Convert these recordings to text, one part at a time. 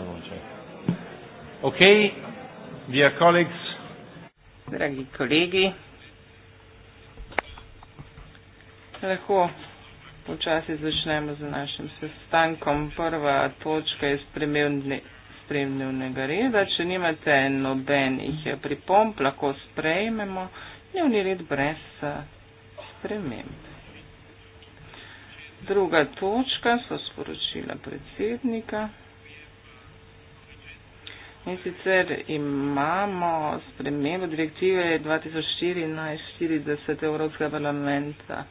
Santo Nome. Ok, dear colleagues. Dragi kolegi, lahko počasi začnemo z našim sestankom. Prva točka je spremljivnega reda. Če nimate nobenih pripomp, lahko sprejmemo dnevni red brez eh, sprememb. Druga točka so sporočila predsednika. In sicer imamo spremembo direktive 2014-40 Evropskega parlamenta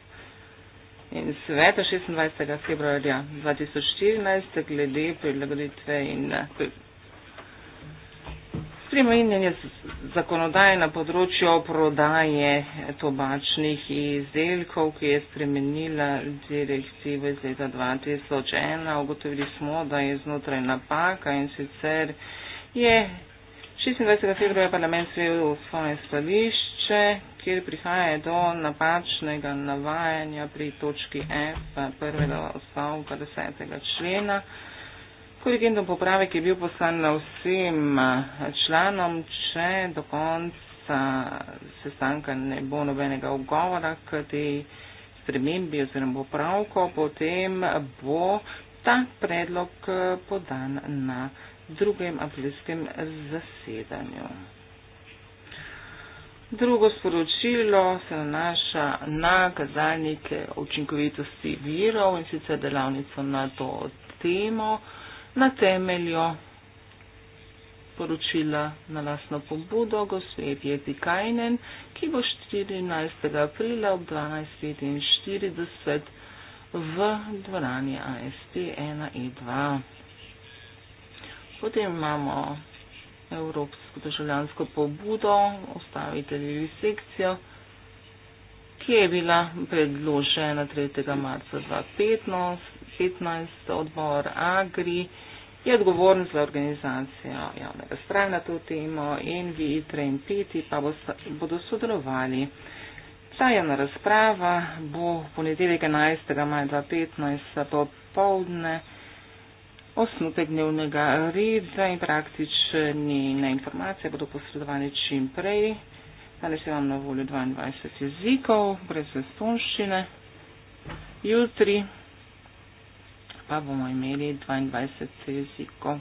in sveta 26. februarja 2014 glede prilagoditve in spremenjenja zakonodaje na področju prodaje tobačnih izdelkov, ki je spremenila direktivo iz leta 2001. Ugotovili smo, da je znotraj napaka in sicer je 26. februarja parlament sprejel svoje stališče, kjer prihaja do napačnega navajanja pri točki F prvega odstavka 10. člena. Korigendum popravek je bil poslan na vsem članom, če do konca sestanka ne bo nobenega ugovora k tej spremembi oziroma popravko, potem bo ta predlog podan na drugem aprilskem zasedanju. Drugo sporočilo se nanaša na kazalnike učinkovitosti virov in sicer delavnico na to temo na temeljo poročila na lasno pobudo gospod Jezi Kajnen, ki bo 14. aprila ob 12.45 v dvorani AST 1 in 2. Potem imamo Evropsko državljansko pobudo, ostavite levi sekcijo, ki je bila predložena 3. marca 2015, odbor Agri je odgovoren za organizacijo javnega spravlja na to temo in vi, Itre in Peti, pa bodo sodelovali. Trajena razprava bo v ponedeljek 11. maja 2015 popovdne osnutek dnevnega reda in praktične na informacije bodo posredovane čim prej. Danes imam na voljo 22 jezikov, brez estonščine. Jutri pa bomo imeli 22 jezikov.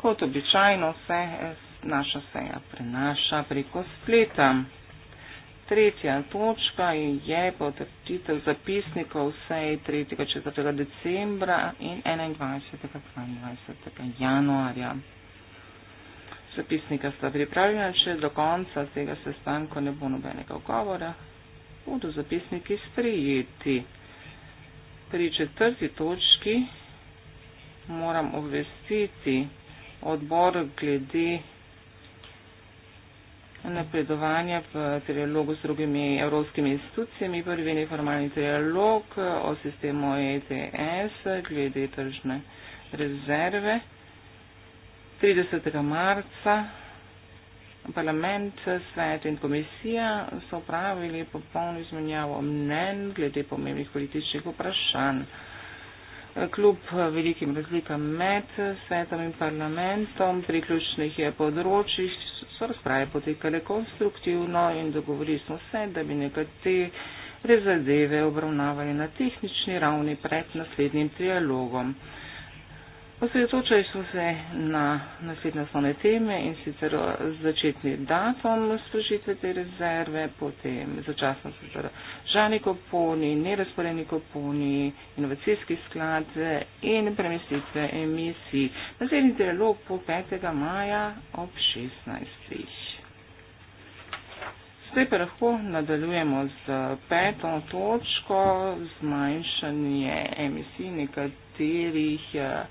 Kot običajno se eh, naša seja prenaša preko spleta. Tretja točka je potrditev zapisnikov sej 3. in 4. decembra in 21. in 22. januarja. Zapisnika sta pripravljena, če do konca tega sestanka ne bo nobenega govora, bodo zapisniki sprijeti. Pri četrti točki moram obvestiti odbor glede napredovanja v trialogu s drugimi evropskimi institucijami, prvi neformalni trialog eh, o sistemu ETS glede tržne rezerve. 30. marca parlament, svet in komisija so pravili popolno izmenjavo mnen glede pomembnih političnih vprašanj. Eh, Kljub eh, velikim razlikam med svetom in parlamentom, pri ključnih področjih so razprave potekale konstruktivno in dogovorili smo se, da bi nekatere zadeve obravnavali na tehnični ravni pred naslednjim trialogom. Osredotočali smo se na naslednje osnovne teme in sicer začetni datum služitve te rezerve, potem začasno zadržani kuponi, nerazporedni kuponi, inovacijski sklad in premestitve emisij. Naslednji dialog po 5. maja ob 16. Zdaj pa lahko nadaljujemo z peto točko, zmanjšanje emisij nekaterih. Eh,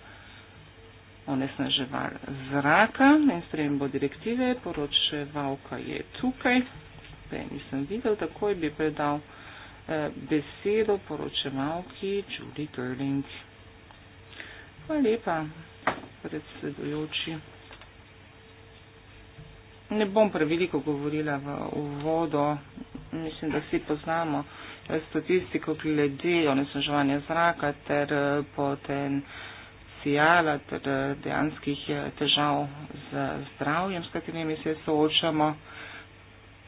onesnaževal zraka, mainstream bo direktive, poročevalka je tukaj, prej nisem videl, takoj bi predal eh, besedo poročevalki Julie Gerling. Hvala lepa, predsedujoči. Ne bom preveliko govorila v uvodo, mislim, da vsi poznamo eh, statistiko glede onesnaževanja zraka ter eh, potem potencijala, ter dejanskih eh, težav z zdravjem, s katerimi se soočamo.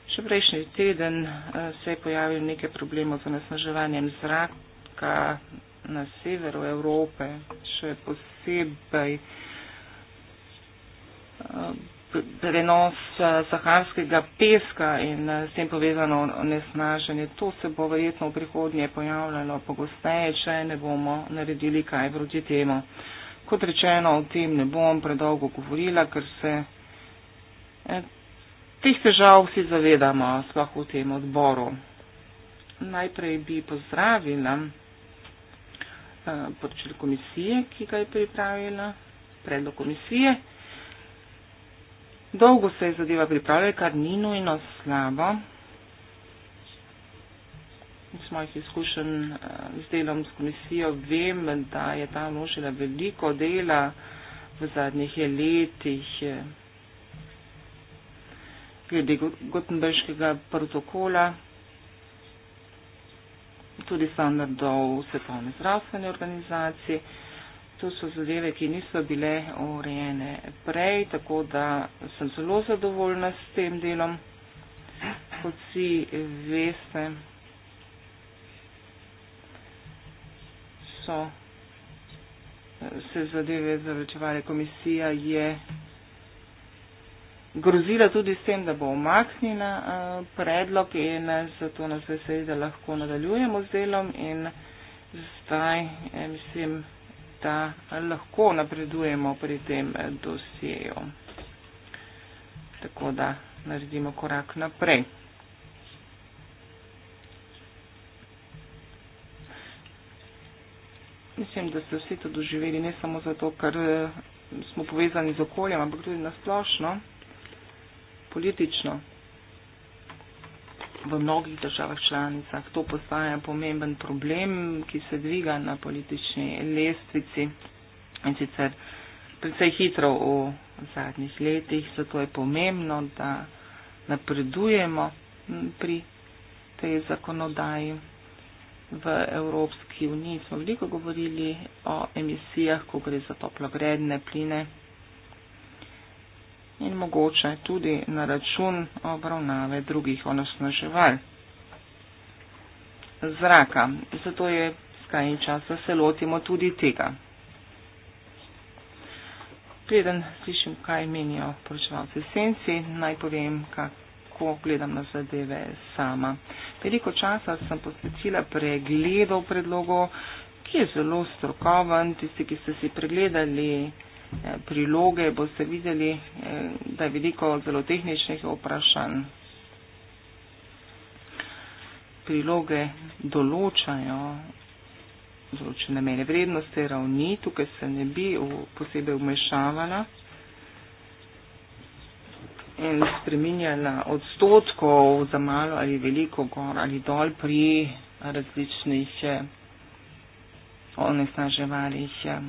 Še prejšnji teden eh, se je pojavil nekaj problemov z onesnaževanjem zraka na severu Evrope, še posebej eh, prenos saharskega peska in s tem povezano onesnaženje. To se bo verjetno v prihodnje pojavljalo pogosteje, če ne bomo naredili kaj proti temu. Kot rečeno, o tem ne bom predolgo govorila, ker se eh, teh težav vsi zavedamo, sploh v tem odboru. Najprej bi pozdravila eh, poročilo komisije, ki ga je pripravila, predlog komisije. Dolgo se je zadeva pripravila, kar ni nujno slabo iz mojih izkušenj eh, z delom s komisijo vem, da je ta nožila veliko dela v zadnjih letih eh, glede Gutenbergskega protokola, tudi standardov svetovne zdravstvene organizacije. To so zadeve, ki niso bile urejene prej, tako da sem zelo zadovoljna s tem delom. Kot vsi veste, so eh, se zadeve zavečevale. Komisija je grozila tudi s tem, da bo omaknila eh, predlog in eh, zato nas veseli, da lahko nadaljujemo z delom in zdaj mislim, da lahko napredujemo pri tem dosjeju. Tako da naredimo korak naprej. Mislim, da ste vsi to doživeli, ne samo zato, ker eh, smo povezani z okoljem, ampak tudi nasplošno, politično. V mnogih državah članicah to postaja pomemben problem, ki se dviga na politični lestvici in sicer precej hitro v zadnjih letih, zato je pomembno, da napredujemo pri tej zakonodaji v Evropski uniji smo veliko govorili o emisijah, ko gre za toplogredne pline in mogoče tudi na račun obravnave drugih onosnaževal zraka. Zato je skrajni čas, da se lotimo tudi tega. Preden slišim, kaj menijo poročevalci senci, naj povem, kako gledam na zadeve sama. Uh, Veliko časa sem posvetila pregledov predlogov, ki je zelo strokoven. Tisti, ki ste si pregledali eh, priloge, boste videli, eh, da je veliko zelo tehničnih vprašanj. Priloge določajo določene mene vrednosti ravni, tukaj se ne bi posebej umešavala in spreminjanja odstotkov za malo ali veliko gor ali dol pri različnih eh, onesnaževalih. Eh.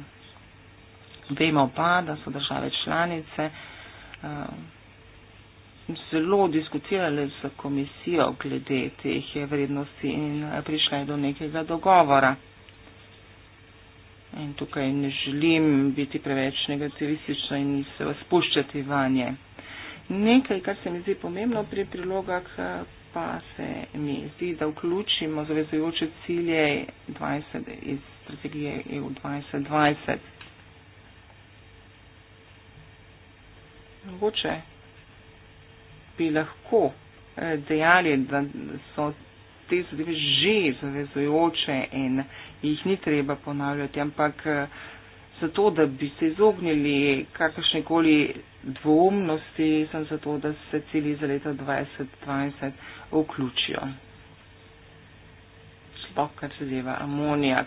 Vemo pa, da so države članice eh, zelo diskutirali z komisijo glede teh vrednosti in prišle do nekega dogovora. In tukaj ne želim biti preveč negativistična in se spuščati vanje nekaj, kar se mi zdi pomembno pri prilogah, eh, pa se mi zdi, da vključimo zavezujoče cilje 20, iz strategije EU 2020. Mogoče bi lahko eh, dejali, da so te zadeve že zavezujoče in jih ni treba ponavljati, ampak eh, zato, da bi se izognili kakršnekoli dvomnosti, sem zato, da se cilji za leto 2020 vključijo. Sploh, kar se zdeva amonijak.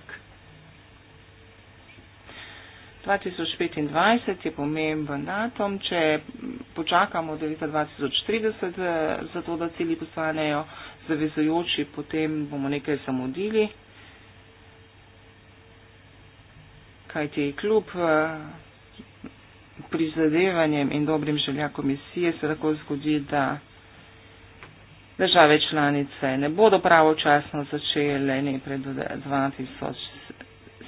2025 je pomemben datum, če počakamo do leta 2030, eh, zato da cilji postanejo zavezojoči, potem bomo nekaj zamudili, kajti kljub eh, prizadevanjem in dobrim želja komisije se lahko zgodi, da države članice ne bodo pravočasno začele ne pred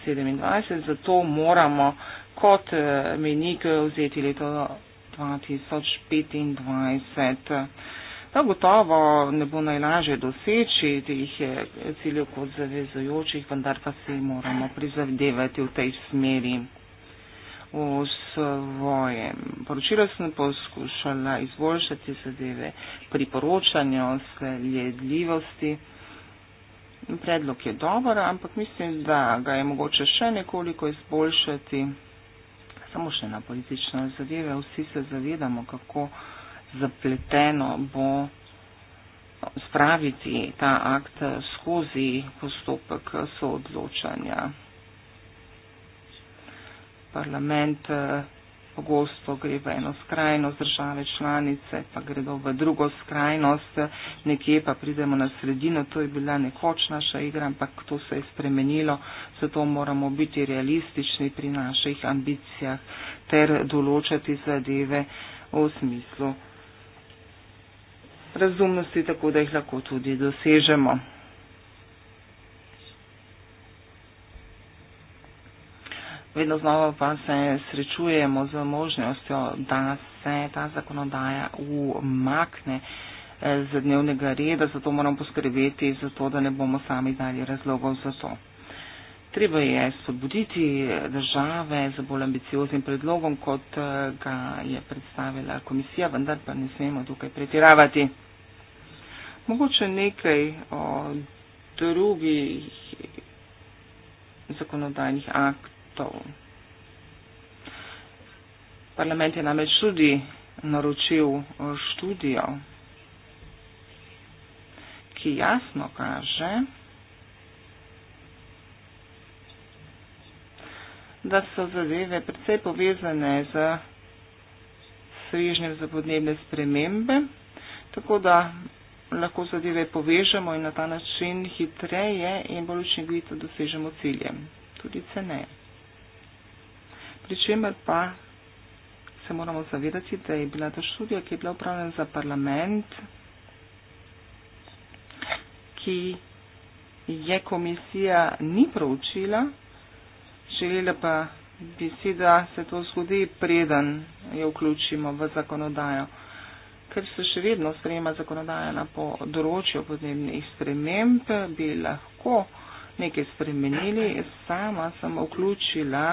2027, zato moramo kot eh, menik vzeti leto 2025. Prav gotovo ne bo najlažje doseči teh eh, ciljev kot zavezujočih, vendar pa si moramo prizadevati v tej smeri. V svojem poročilu sem poskušala izboljšati zadeve pri poročanju sledljivosti. Predlog je dober, ampak mislim, da ga je mogoče še nekoliko izboljšati. Samo še na politične zadeve. Vsi se zavedamo, kako zapleteno bo spraviti ta akt skozi postopek soodločanja. Parlament eh, pogosto gre v eno skrajnost, države članice pa gredo v drugo skrajnost, nekje pa pridemo na sredino, to je bila nekoč naša igra, ampak to se je spremenilo, zato moramo biti realistični pri naših ambicijah ter določati zadeve v smislu razumnosti, tako da jih lahko tudi dosežemo. Vedno znova pa se srečujemo z možnostjo, da se ta zakonodaja umakne eh, z dnevnega reda, zato moramo poskrbeti za to, da ne bomo sami dali razlogov za to. Treba je spodbuditi države z bolj ambicioznim predlogom, kot eh, ga je predstavila komisija, vendar pa ne smemo tukaj pretiravati. Mogoče nekaj o drugih zakonodajnih aktov. Parlament je namreč tudi naročil eh, študijo, ki jasno kaže, da so zadeve predvsej povezane z svežnjem za podnebne spremembe, tako da lahko zadeve povežemo in na ta način hitreje in bolj učinkovito dosežemo cilje, tudi ceneje. Pričemer pa se moramo zavedati, da je bila ta študija, ki je bila upravljena za parlament, ki je komisija ni proučila, želela pa bi si, da se to zgodi preden jo vključimo v zakonodajo, ker se še vedno sprejema zakonodaja na področju podnebnih sprememb, bi lahko nekaj spremenili. Sama sem vključila,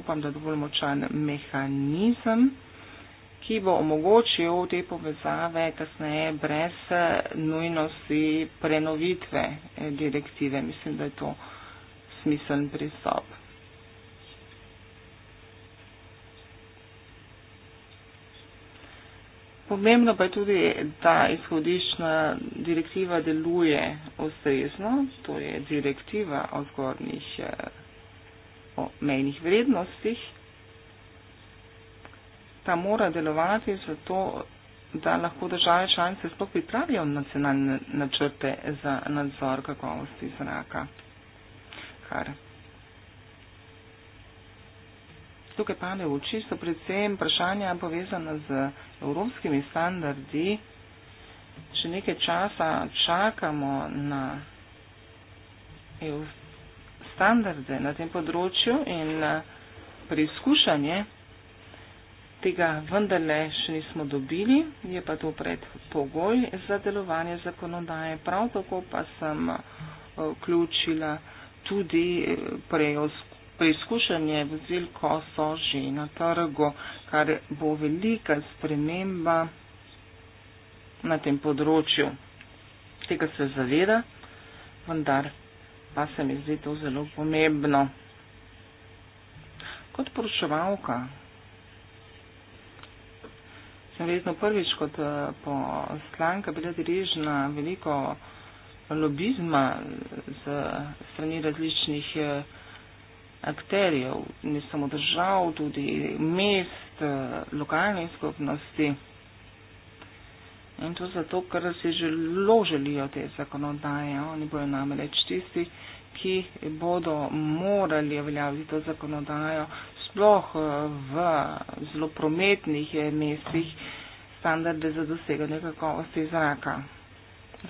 upam, da dovolj močan mehanizem, ki bo omogočil te povezave kasneje brez nujnosti prenovitve eh, direktive. Mislim, da je to smiseln pristop. Pomembno pa je tudi, da izhodiščna direktiva deluje ustrezno, to je direktiva o zgornjih eh, o mejnih vrednostih. Ta mora delovati zato, da lahko države članice sploh pripravijo nacionalne načrte za nadzor kakovosti zraka. Hvala tukaj pade v oči, so predvsem vprašanja povezana z evropskimi standardi. Še nekaj časa čakamo na EU standarde na tem področju in eh, preizkušanje tega vendarle še nismo dobili, je pa to predpogoj za delovanje zakonodaje. Prav tako pa sem eh, vključila tudi eh, prejosko preizkušanje vozil, ko so že na trgu, kar bo velika sprememba na tem področju. Tega se zaveda, vendar pa se mi zdi to zelo pomembno. Kot poročevalka sem vedno prvič kot eh, poslanka bila deležna veliko lobizma z eh, strani različnih eh, akterjev, ne samo držav, tudi mest, lokalnih skupnosti. In to zato, ker si zelo želijo te zakonodaje. Oni bojo namreč tisti, ki bodo morali uveljaviti to zakonodajo, sploh v zelo prometnih mestih, standarde za doseganje kakovosti zraka.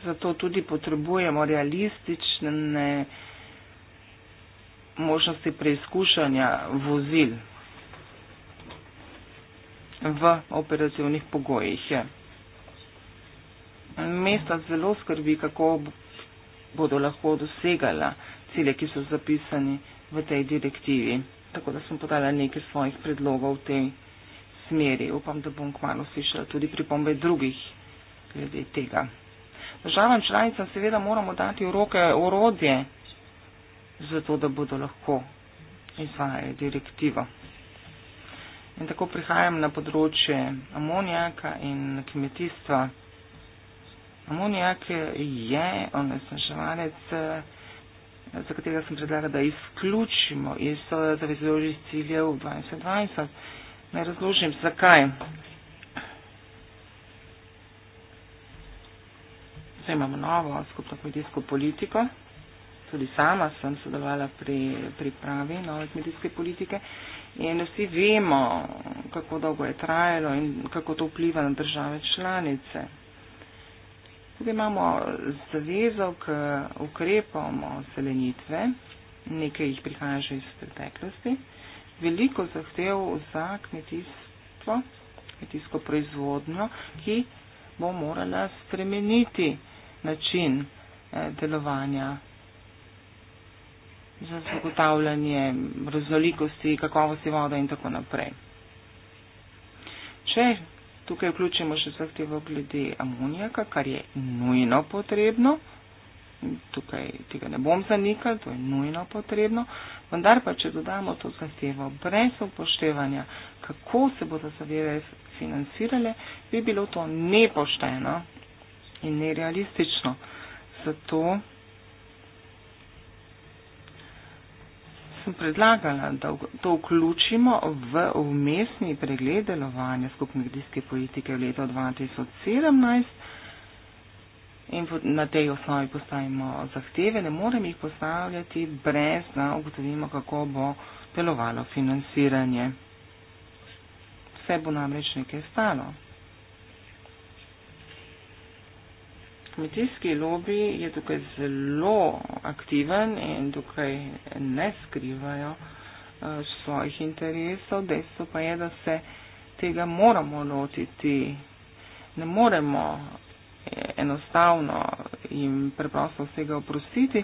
Zato tudi potrebujemo realistične možnosti preizkušanja vozil v operativnih pogojih. Mesta zelo skrbi, kako bodo lahko dosegala cilje, ki so zapisani v tej direktivi. Tako da sem podala nekaj svojih predlogov v tej smeri. Upam, da bom kmalo slišala tudi pripombe drugih glede tega. Državam članicam seveda moramo dati v roke orodje zato, da bodo lahko izvajali direktivo. In tako prihajam na področje amonijaka in kmetijstva. Amonijak je onesnaževalec, za katerega sem predlagal, da izključimo iz zavezujočih ciljev 2020. Naj razložim, zakaj. Zdaj imamo novo skupno kmetijsko politiko tudi sama sem sodelovala pri pripravi nove kmetijske politike in vsi vemo, kako dolgo je trajalo in kako to vpliva na države članice. Tukaj imamo zavezo k ukrepom o selenitve, nekaj jih prihaja že iz preteklosti, veliko zahtev za kmetijstvo, kmetijsko proizvodno, ki bo morala spremeniti način eh, delovanja za zagotavljanje raznolikosti, kakovosti vode in tako naprej. Če tukaj vključimo še zahtevo glede amonijaka, kar je nujno potrebno, tukaj tega ne bom zanikal, to je nujno potrebno, vendar pa, če dodamo to zahtevo brez upoštevanja, kako se bodo zadeve financirale, bi bilo to nepošteno in nerealistično. Zato sem predlagala, da to vključimo v umestni pregled delovanja skupne kmetijske politike v leto 2017 in na tej osnovi postavimo zahteve. Ne morem jih postavljati brez, da ugotovimo, kako bo delovalo financiranje. Vse bo namreč nekaj stalo. kmetijski lobby je tukaj zelo aktiven in tukaj ne skrivajo uh, svojih interesov. Dejstvo pa je, da se tega moramo lotiti. Ne moremo eh, enostavno in preprosto vsega oprostiti.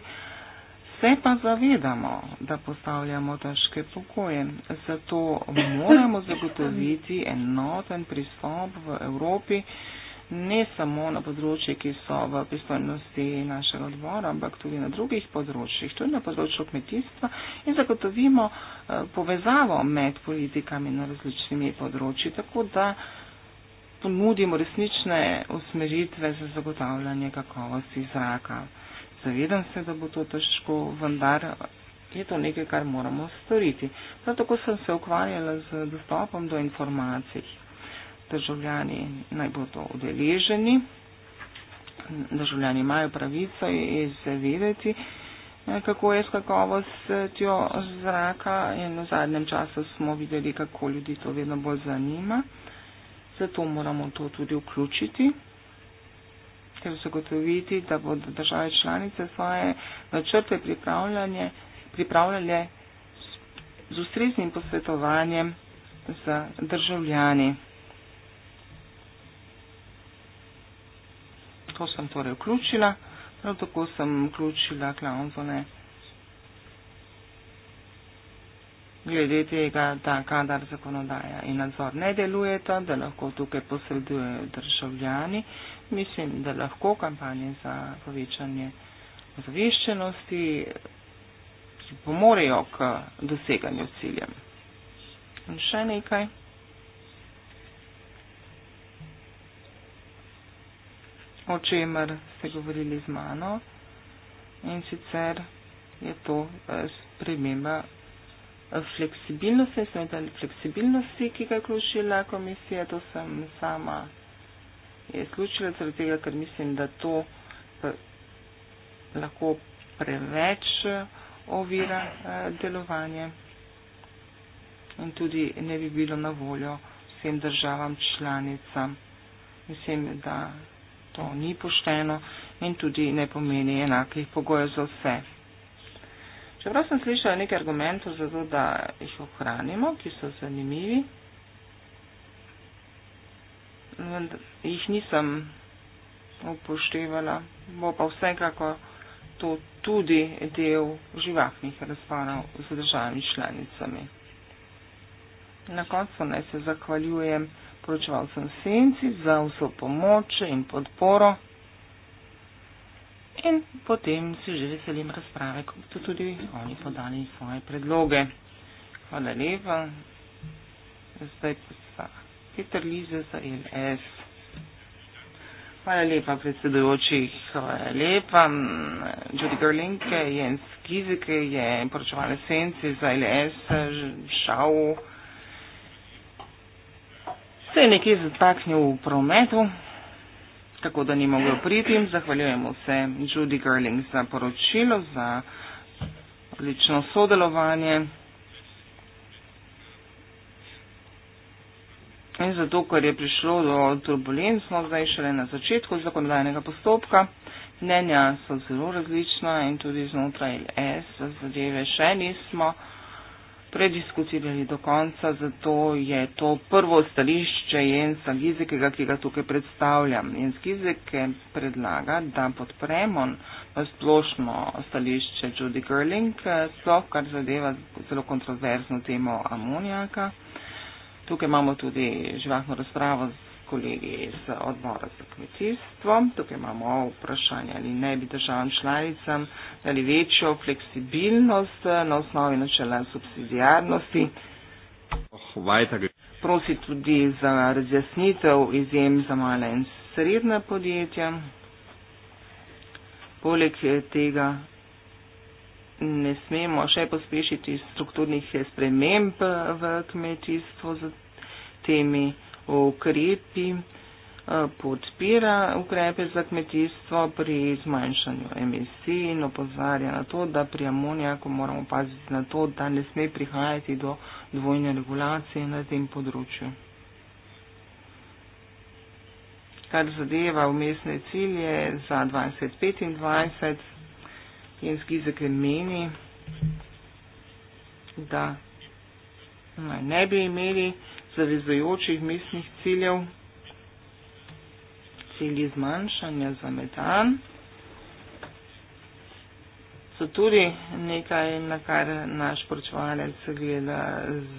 Se pa zavedamo, da postavljamo težke pokoje. Zato moramo zagotoviti enoten pristop v Evropi. Uh, ne samo na področji, ki so v pristojnosti našega odbora, ampak tudi na drugih področjih, tudi na področju kmetijstva in zagotovimo eh, povezavo med politikami na različnimi področji, tako da ponudimo resnične usmeritve za zagotavljanje kakovosti zraka. Zavedam se, da bo to težko, vendar je to nekaj, kar moramo storiti. Prav tako sem se ukvarjala z dostopom do informacij državljani naj bodo udeleženi. Državljani imajo pravico izvedeti, eh, kako je s kakovostjo zraka in v zadnjem času smo videli, kako ljudi to vedno bolj zanima. Zato moramo to tudi vključiti ter zagotoviti, da bodo države članice svoje načrte pripravljale z ustreznim posvetovanjem za državljani. točko sem torej vključila, prav tako sem vključila klauzule glede tega, da kadar zakonodaja in nadzor ne delujeta, da lahko tukaj posredujejo državljani. Mislim, da lahko kampanje za povečanje ozaveščenosti pomorejo k doseganju ciljem. In še nekaj. o čemer ste govorili z mano in sicer je to eh, sprememba eh, fleksibilnosti, sem dali fleksibilnosti, ki ga je vključila komisija, to sem sama je izključila, zaradi tega, ker mislim, da to eh, lahko preveč ovira delovanje in tudi ne bi bilo na voljo vsem državam članicam. Mislim, da to ni pošteno in tudi ne pomeni enakih pogojev za vse. Čeprav sem slišala nekaj argumentov za to, da jih ohranimo, ki so zanimivi, jih nisem upoštevala, bo pa vsekako to tudi del živahnih razparov z državami članicami. Na koncu naj se zahvaljujem sporočeval sem senci za vso pomoč in podporo. In potem se že veselim razprave, ko bodo tudi oni podali svoje predloge. Hvala lepa. Zdaj pa sta Peter Lize za LS. Hvala lepa predsedujoči, hvala lepa. Judy Gerlinke, Jens Kizike je poročevala senci za LS, žal. Ž- ž- ž- ž- ž- ž- ž- ž- se je nekje zataknil v prometu, tako da ni mogel priti. Zahvaljujemo se Judy Gerling za poročilo, za odlično sodelovanje. In zato, ker je prišlo do turbulenc, smo zdaj šele na začetku zakonodajnega postopka. Mnenja so zelo različna in tudi znotraj LS zadeve še nismo prediskutirali do konca, zato je to prvo stališče Jensa Gizekega, ki ga tukaj predstavljam. Jens Gizeke predlaga, da podpremo splošno stališče Judy Gerling, sploh kar zadeva zelo kontroverzno temo amonijaka. Tukaj imamo tudi živahno razpravo z kolegi iz odbora za kmetijstvo. Tukaj imamo vprašanje, ali ne bi državam članicam dali večjo fleksibilnost eh, na osnovi načela subsidijarnosti. Prosi tudi za razjasnitev izjem za male in srednje podjetja. Poleg eh, tega ne smemo še pospešiti strukturnih eh, sprememb v kmetijstvu z temi ukrepi, eh, podpira ukrepe za kmetijstvo pri zmanjšanju emisij in opozarja na to, da pri amonijaku moramo paziti na to, da ne sme prihajati do dvojne regulacije na tem področju. Kar zadeva umestne cilje za 2025, Jens Gizek meni, da naj ne bi imeli zavezujočih mestnih ciljev, cilji zmanjšanja za metan, so tudi nekaj, na kar naš poročevalec gleda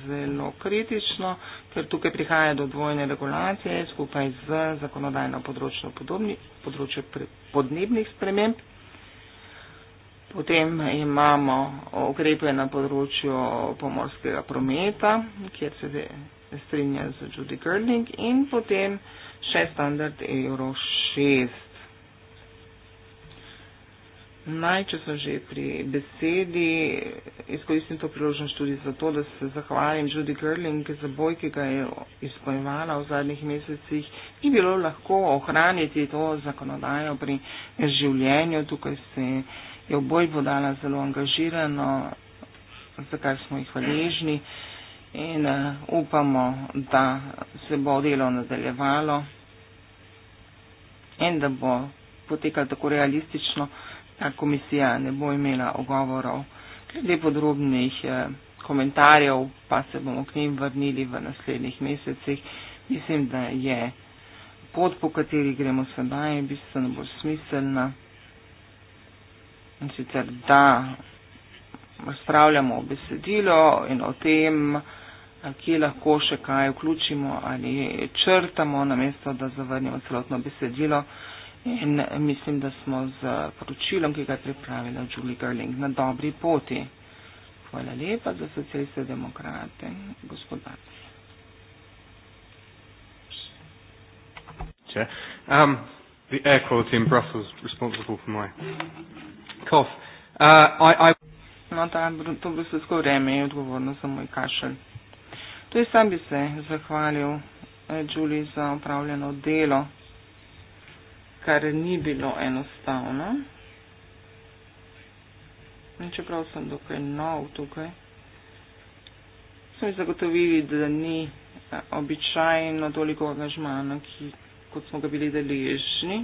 zelo kritično, ker tukaj prihaja do dvojne regulacije skupaj z zakonodajno področjo, podobni, področjo podnebnih sprememb. Potem imamo ukrepe na področju pomorskega prometa, kjer se strinja z Judy Gerling in potem še standard Euro 6. Naj, če so že pri besedi, izkoristim to priložnost tudi zato, da se zahvalim Judy Gerling za boj, ki ga je izpojevala v zadnjih mesecih, ki bilo lahko ohraniti to zakonodajo pri življenju. Tukaj se je v boj podala zelo angažirano, za kar smo jih hvaležni. Uh, in eh, upamo, da se bo delo nadaljevalo in da bo potekalo tako realistično, da komisija ne bo imela ogovorov. Glede podrobnih eh, komentarjev pa se bomo k njim vrnili v naslednjih mesecih. Mislim, da je pot, po kateri gremo sedaj, bistveno bolj smiselna. In sicer, da razpravljamo o besedilo in o tem, kje lahko še kaj vključimo ali črtamo, namesto da zavrnemo celotno besedilo. In mislim, da smo z poročilom, ki ga je pripravila Julie Gerling, na dobri poti. Hvala lepa za socialiste demokrate, gospodarci. Um, the air quality in Brussels responsible for my cough. Uh, I, I... No, ta, to brusilsko vreme je odgovorno za moj kašelj. Tudi sam bi se zahvalil eh, Julie za opravljeno delo, kar ni bilo enostavno. In čeprav sem dokaj nov tukaj, so mi zagotovili, da ni eh, običajno toliko angažmana, kot smo ga bili deležni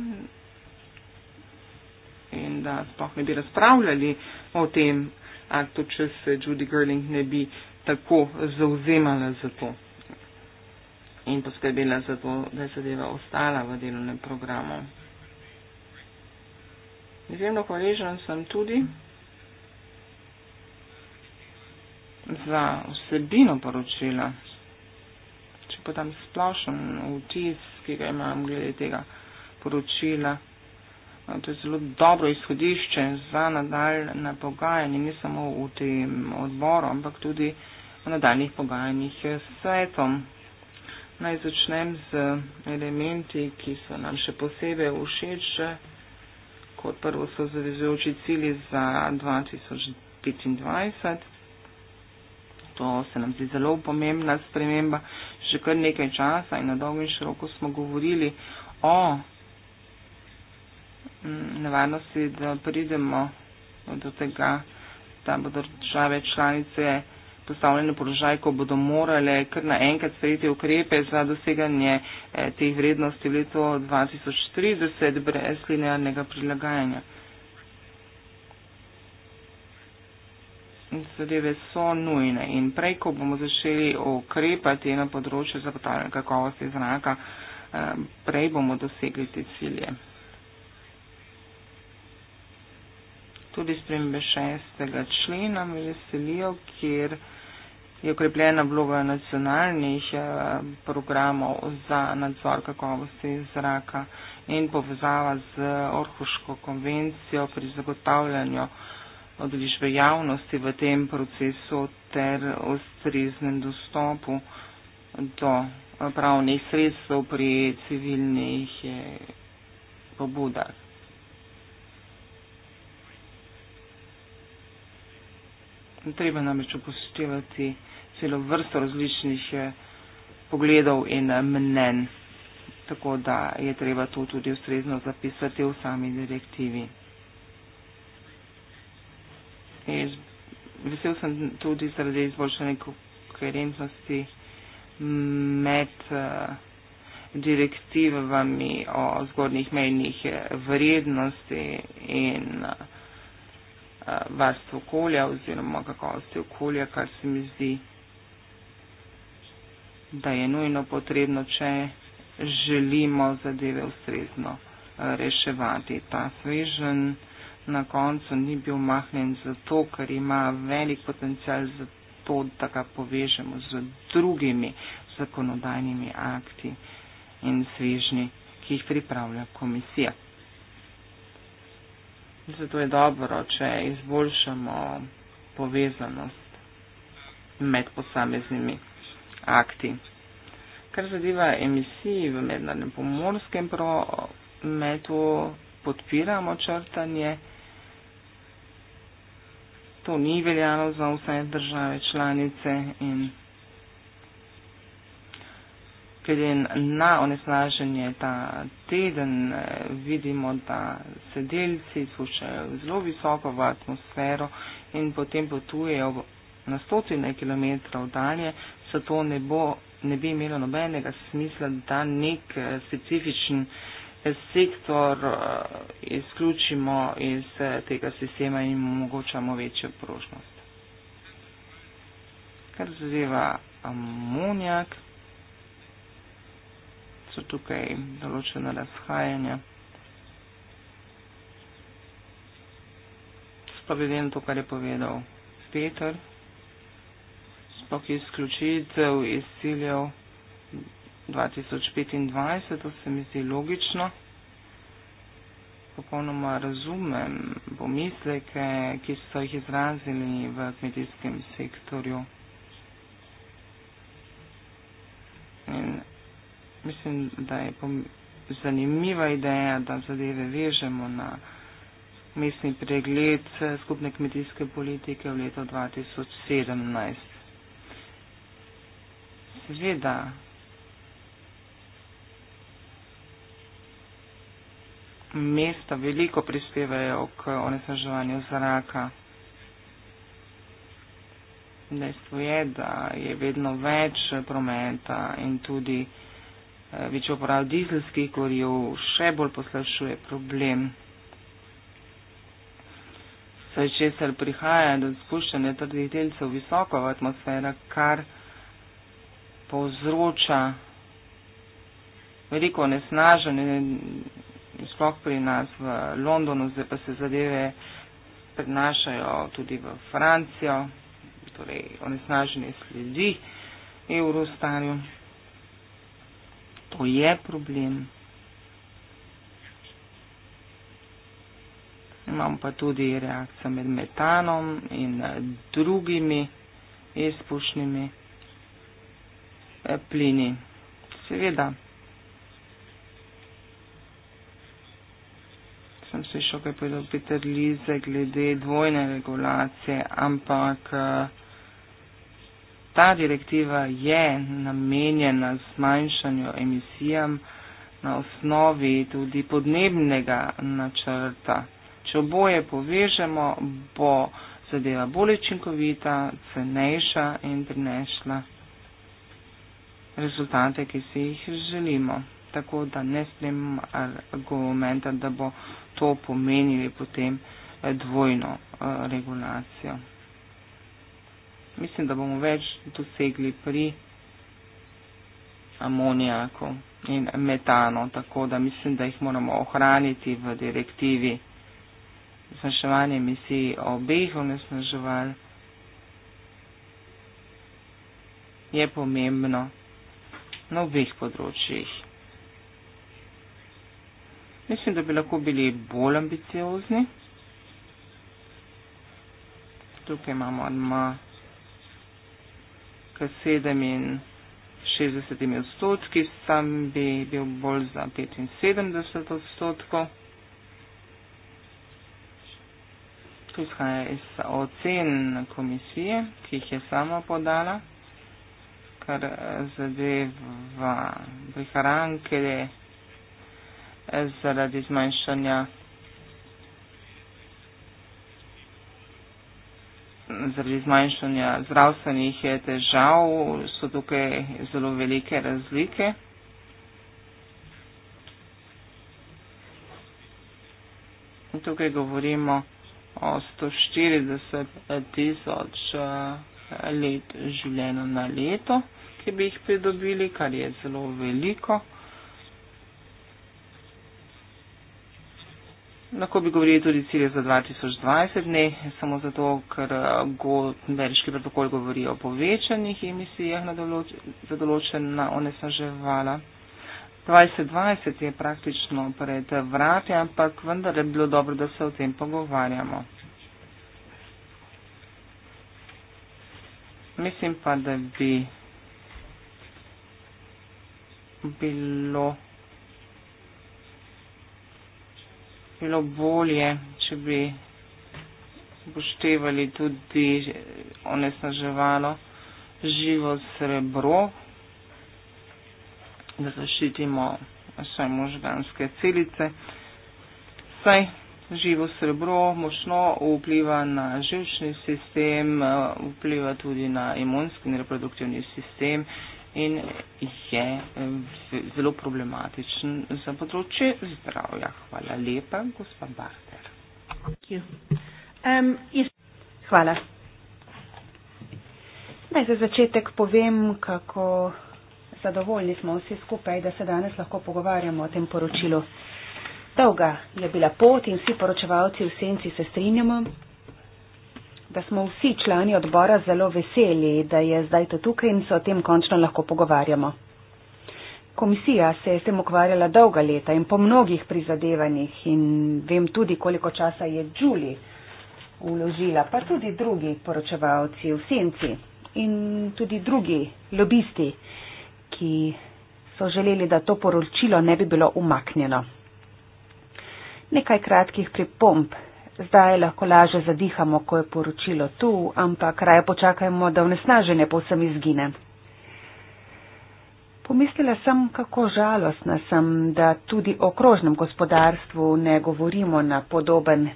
in da sploh ne bi razpravljali o tem aktu, če se Judy Gerling ne bi tako zauzemala za to in poskrbela za to, da je zadeva ostala v delovnem programu. Izjemno hvaležen sem tudi za vsebino poročila, če pa tam splošen vtis, ki ga imam glede tega poročila. To je zelo dobro izhodišče za nadaljne pogajanje, ne samo v tem odboru, ampak tudi v v nadaljnih pogajanjih s svetom. Naj začnem z elementi, ki so nam še posebej všeč, kot prvo so zavezujoči cilji za 2025. To se nam zdi zelo pomembna sprememba. Že kar nekaj časa in na dolgo in široko smo govorili o nevarnosti, da pridemo do tega, da bodo države članice postavljene položaj, ko bodo morale kar naenkrat sprejeti ukrepe za doseganje eh, teh vrednosti v letu 2030 brez linearnega prilagajanja. Zadeve so nujne in prej, ko bomo začeli ukrepati na področju zapotavljanja kakovosti zraka, eh, prej bomo dosegli te cilje. tudi spremembe šestega člena me veselijo, kjer je ukrepljena vloga nacionalnih eh, programov za nadzor kakovosti zraka in povezava z Orhuško konvencijo pri zagotavljanju odližbe javnosti v tem procesu ter ustreznem dostopu do eh, pravnih sredstev pri civilnih eh, pobudah. treba namreč upoštevati celo vrsto različnih eh, pogledov in eh, mnen, tako da je treba to tudi ustrezno zapisati v sami direktivi. Jaz vesel sem tudi zaradi izboljšanja koherentnosti med eh, direktivami o zgornjih mejnih vrednosti in uh, varstvo okolja oziroma kakovosti okolja, kar se mi zdi, da je nujno potrebno, če želimo zadeve ustrezno uh, reševati. Ta svežen na koncu ni bil mahnen zato, ker ima velik potencial za to, da ga povežemo z drugimi zakonodajnimi akti in svežni, ki jih pripravlja komisija. Zato je dobro, če izboljšamo povezanost med posameznimi akti. Kar zadeva emisiji v mednarodnem pomorskem prometu, podpiramo črtanje. To ni veljalo za vse države članice in ker je na onesnaženje ta teden, eh, vidimo, da se delci spuščajo zelo visoko v atmosfero in potem potujejo na stotine kilometrov dalje, zato ne, ne bi imelo nobenega smisla, da nek eh, specifičen eh, sektor izključimo iz tega sistema in omogočamo večjo prožnost. Kar zadeva amonijak, so tukaj določene razhajanja. Sploh bi vedel to, kar je povedal Peter, sploh izključitev iz ciljev 2025, to se mi zdi logično. Popolnoma razumem pomisleke, ki so jih izrazili v kmetijskem sektorju. mislim, da je zanimiva ideja, da zadeve vežemo na mestni pregled eh, skupne kmetijske politike v letu 2017. Seveda, mesta veliko prispevajo k onesnaževanju zraka. Dejstvo je, da je vedno več prometa in tudi Eh, večjo uporabo dizelskih gorjev še bolj poslavšuje problem. Saj česar prihaja do spuščanja trdih delcev visoko v atmosfera, kar povzroča veliko nesnaženje, sploh pri nas v Londonu, zdaj pa se zadeve prenašajo tudi v Francijo, torej onesnaženje sledi Eurostarju to je problem. Imam pa tudi reakcijo med metanom in eh, drugimi izpušnimi eh, plini. Seveda. Sem se šel kaj povedal Peter Lize glede dvojne regulacije, ampak uh, ta direktiva je namenjena zmanjšanju emisijam na osnovi tudi podnebnega načrta. Če oboje povežemo, bo zadeva bolj učinkovita, cenejša in prinešla rezultate, ki si jih želimo. Tako da ne spremem argumenta, da bo to pomenili potem dvojno eh, regulacijo mislim, da bomo več dosegli pri amonijaku in metano, tako da mislim, da jih moramo ohraniti v direktivi zmanjševanje emisij obeh onesnaževal. Je pomembno na obeh področjih. Mislim, da bi lahko bili bolj ambiciozni. Tukaj imamo odmah. 67 odstotki, sam bi bil bolj za 75 odstotkov. To izhaja iz ocen komisije, ki jih je sama podala, kar zadeva prihranke eh, zaradi zmanjšanja. zaradi zmanjšanja zdravstvenih eh, težav so tukaj zelo velike razlike. In tukaj govorimo o 140 eh, tisoč eh, let življenja na leto, ki bi jih pridobili, kar je zelo veliko. Lahko bi govorili tudi cilje za 2020, ne samo zato, ker ameriški protokol govori o povečanih emisijah na določ za določena onesnaževala. 2020 je praktično pred vrati, ampak vendar je bilo dobro, da se o tem pogovarjamo. Mislim pa, da bi bilo. bilo bolje, če bi upoštevali tudi onesnaževalo živo srebro, da zaščitimo naše možganske celice. Saj živo srebro močno vpliva na živčni sistem, vpliva tudi na imunski in reproduktivni sistem in je zelo problematičen za področje zdravja. Hvala lepa, gospa Barter. Um, jaz... Hvala. Daj za začetek povem, kako zadovoljni smo vsi skupaj, da se danes lahko pogovarjamo o tem poročilu. Dolga je bila pot in vsi poročevalci v senci se strinjamo, da smo vsi člani odbora zelo veseli, da je zdaj to tukaj in se o tem končno lahko pogovarjamo. Komisija se je s tem ukvarjala dolga leta in po mnogih prizadevanjih in vem tudi, koliko časa je Đuli uložila, pa tudi drugi poročevalci v senci in tudi drugi lobisti, ki so želeli, da to poročilo ne bi bilo umaknjeno. Nekaj kratkih pripomp Zdaj lahko laže zadihamo, ko je poročilo tu, ampak raje počakajmo, da vnesnaženje povsem izgine. Pomislila sem, kako žalostna sem, da tudi o krožnem gospodarstvu ne govorimo na podoben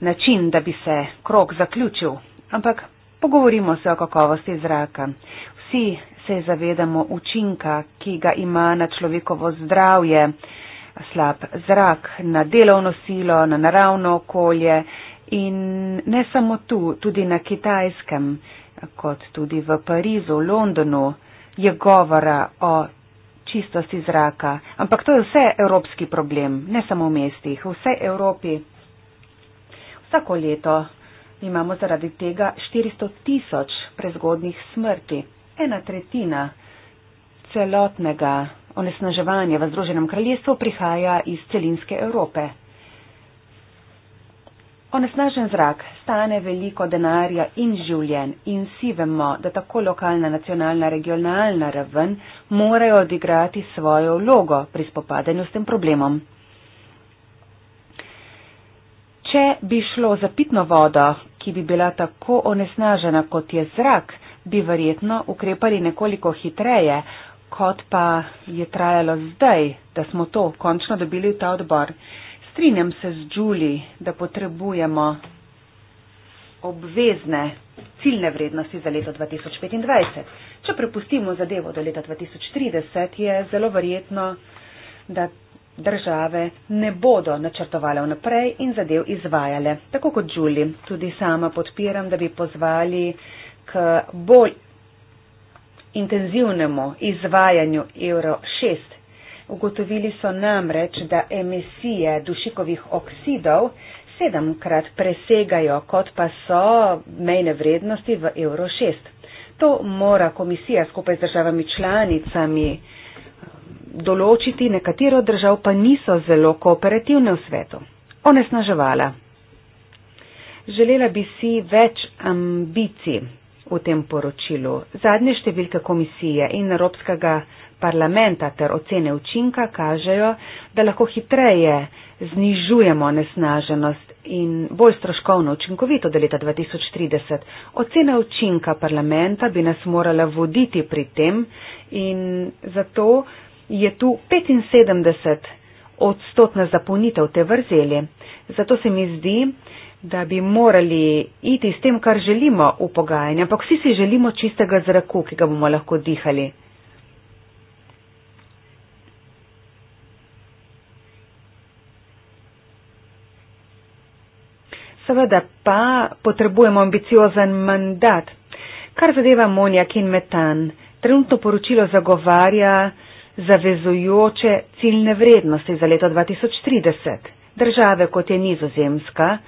način, da bi se krok zaključil, ampak pogovorimo se o kakovosti zraka. Vsi se zavedamo učinka, ki ga ima na človekovo zdravje slab zrak, na delovno silo, na naravno okolje in ne samo tu, tudi na kitajskem, kot tudi v Parizu, v Londonu je govora o čistosti zraka. Ampak to je vse evropski problem, ne samo v mestih, v vsej Evropi. Vsako leto imamo zaradi tega 400 tisoč prezgodnih smrti, ena tretjina celotnega onesnaževanje v Združenem kraljestvu prihaja iz celinske Evrope. Onesnažen zrak stane veliko denarja in življenj in vsi vemo, da tako lokalna, nacionalna, regionalna raven morajo odigrati svojo vlogo pri spopadanju s tem problemom. Če bi šlo za pitno vodo, ki bi bila tako onesnažena kot je zrak, bi verjetno ukrepali nekoliko hitreje, kot pa je trajalo zdaj, da smo to končno dobili v ta odbor. Strinjam se z Julie, da potrebujemo obvezne ciljne vrednosti za leto 2025. Če prepustimo zadevo do leta 2030, je zelo verjetno, da države ne bodo načrtovale vnaprej in zadev izvajale. Tako kot Julie, tudi sama podpiram, da bi pozvali k bolj intenzivnemu izvajanju Euro 6. Ugotovili so namreč, da emisije dušikovih oksidov sedemkrat presegajo, kot pa so mejne vrednosti v Euro 6. To mora komisija skupaj z državami članicami um, določiti, nekatero držav pa niso zelo kooperativne v svetu. Onesnaževala. Želela bi si več ambicij v tem poročilu. Zadnje številke komisije in Evropskega parlamenta ter ocene učinka kažejo, da lahko hitreje znižujemo nesnaženost in bolj stroškovno učinkovito do leta 2030. Ocene učinka parlamenta bi nas morala voditi pri tem in zato je tu 75 odstotna zapolnitev te vrzeli. Zato se mi zdi, da bi morali iti s tem, kar želimo v pogajanje, ampak vsi si želimo čistega zraku, ki ga bomo lahko dihali. Seveda pa potrebujemo ambiciozen mandat. Kar zadeva monjak in metan, trenutno poročilo zagovarja zavezujoče ciljne vrednosti za leto 2030. Države kot je nizozemska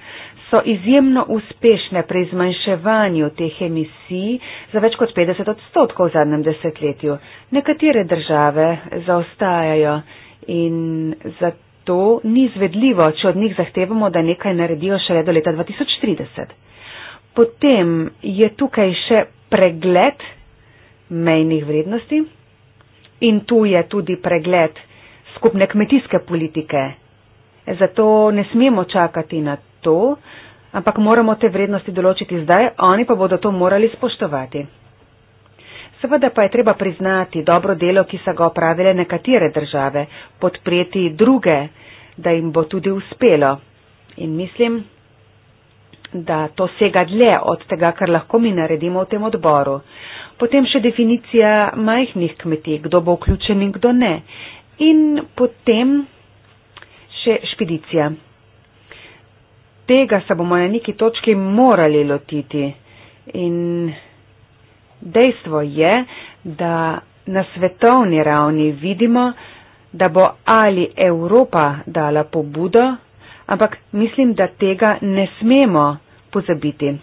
so izjemno uspešne pri zmanjševanju teh emisij za več kot 50 odstotkov v zadnjem desetletju. Nekatere države zaostajajo in zato ni zvedljivo, če od njih zahtevamo, da nekaj naredijo šele do leta 2030. Potem je tukaj še pregled mejnih vrednosti in tu je tudi pregled skupne kmetijske politike. Zato ne smemo čakati na to, ampak moramo te vrednosti določiti zdaj, oni pa bodo to morali spoštovati. Seveda pa je treba priznati dobro delo, ki so ga opravile nekatere države, podpreti druge, da jim bo tudi uspelo. In mislim, da to sega dlje od tega, kar lahko mi naredimo v tem odboru. Potem še definicija majhnih kmetij, kdo bo vključen in kdo ne. In potem še špedicija tega se bomo na neki točki morali lotiti. In dejstvo je, da na svetovni ravni vidimo, da bo ali Evropa dala pobudo, ampak mislim, da tega ne smemo pozabiti.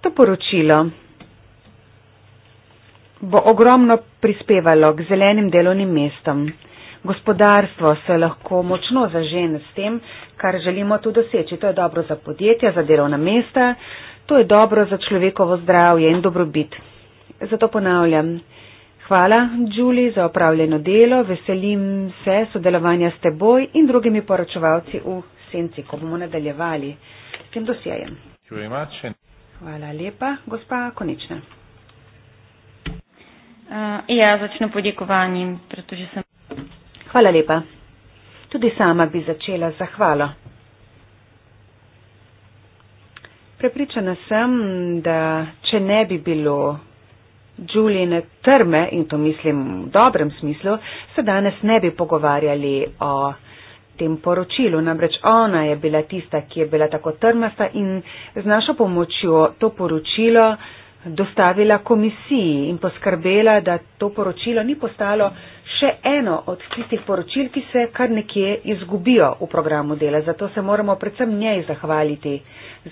To poročilo bo ogromno prispevalo k zelenim delovnim mestom. Gospodarstvo se lahko močno zažene s tem, kar želimo tu doseči. To je dobro za podjetja, za delovna mesta, to je dobro za človekovo zdravje in dobrobit. Zato ponavljam. Hvala, Đuli, za opravljeno delo. Veselim se sodelovanja s teboj in drugimi poročevalci v Senci, ko bomo nadaljevali s tem dosjejem. Hvala lepa, gospa Konična. Uh, ja, začnem podjekovanjem, pretože sem. Hvala lepa. Tudi sama bi začela zahvalo. Prepričana sem, da če ne bi bilo Džuljine trme, in to mislim v dobrem smislu, se danes ne bi pogovarjali o tem poročilu. Namreč ona je bila tista, ki je bila tako trmasta in z našo pomočjo to poročilo dostavila komisiji in poskrbela, da to poročilo ni postalo še eno od tistih poročil, ki se kar nekje izgubijo v programu dela. Zato se moramo predvsem njej zahvaliti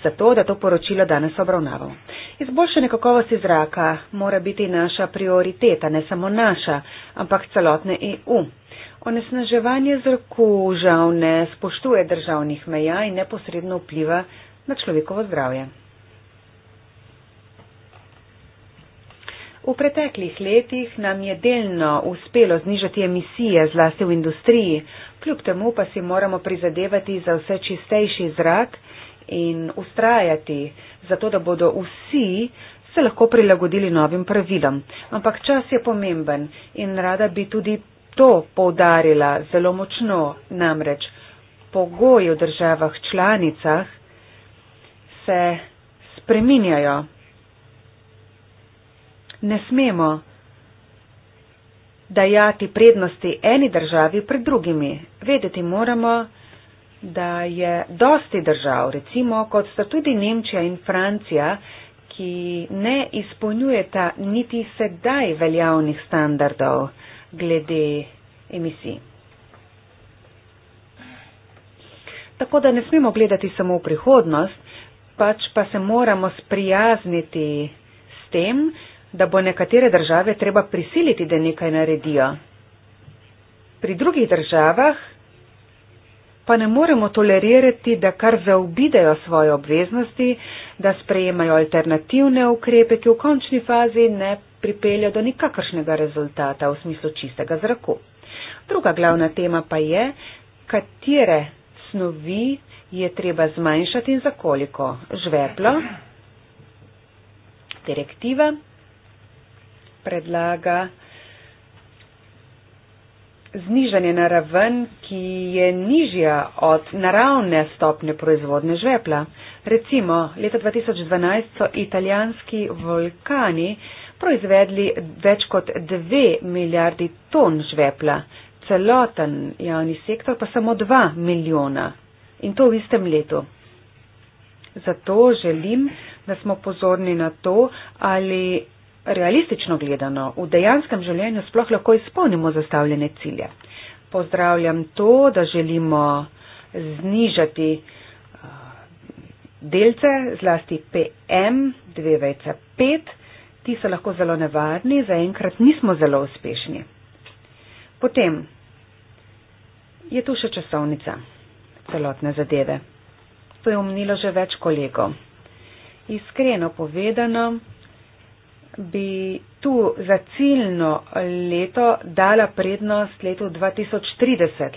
za to, da to poročilo danes obravnavamo. Izboljšanje kakovosti zraka mora biti naša prioriteta, ne samo naša, ampak celotne EU. Onesnaževanje zraku žal ne spoštuje državnih meja in neposredno vpliva na človekovo zdravje. V preteklih letih nam je delno uspelo znižati emisije zlasti v industriji, kljub temu pa si moramo prizadevati za vse čistejši zrak in ustrajati, zato da bodo vsi se lahko prilagodili novim pravilom. Ampak čas je pomemben in rada bi tudi to poudarila zelo močno, namreč pogoji v državah članicah se spreminjajo ne smemo dajati prednosti eni državi pred drugimi. Vedeti moramo, da je dosti držav, recimo kot sta tudi Nemčija in Francija, ki ne izpolnjujeta niti sedaj veljavnih standardov glede emisij. Tako da ne smemo gledati samo v prihodnost, pač pa se moramo sprijazniti s tem, da bo nekatere države treba prisiliti, da nekaj naredijo. Pri drugih državah pa ne moremo tolerirati, da kar zaobidejo svoje obveznosti, da sprejemajo alternativne ukrepe, ki v končni fazi ne pripeljajo do nikakršnega rezultata v smislu čistega zraku. Druga glavna tema pa je, katere snovi je treba zmanjšati in za koliko. Žveplo, direktiva, predlaga znižanje na raven, ki je nižja od naravne stopne proizvodne žvepla. Recimo, leta 2012 so italijanski vulkani proizvedli več kot 2 milijardi ton žvepla, celoten javni sektor pa samo 2 milijona in to v istem letu. Zato želim, da smo pozorni na to, ali realistično gledano, v dejanskem življenju sploh lahko izpolnimo zastavljene cilje. Pozdravljam to, da želimo znižati eh, delce, zlasti PM2,5, ti so lahko zelo nevarni, zaenkrat nismo zelo uspešni. Potem je tu še časovnica celotne zadeve. To je omnilo že več kolegov. Iskreno povedano, bi tu za ciljno leto dala prednost letu 2030.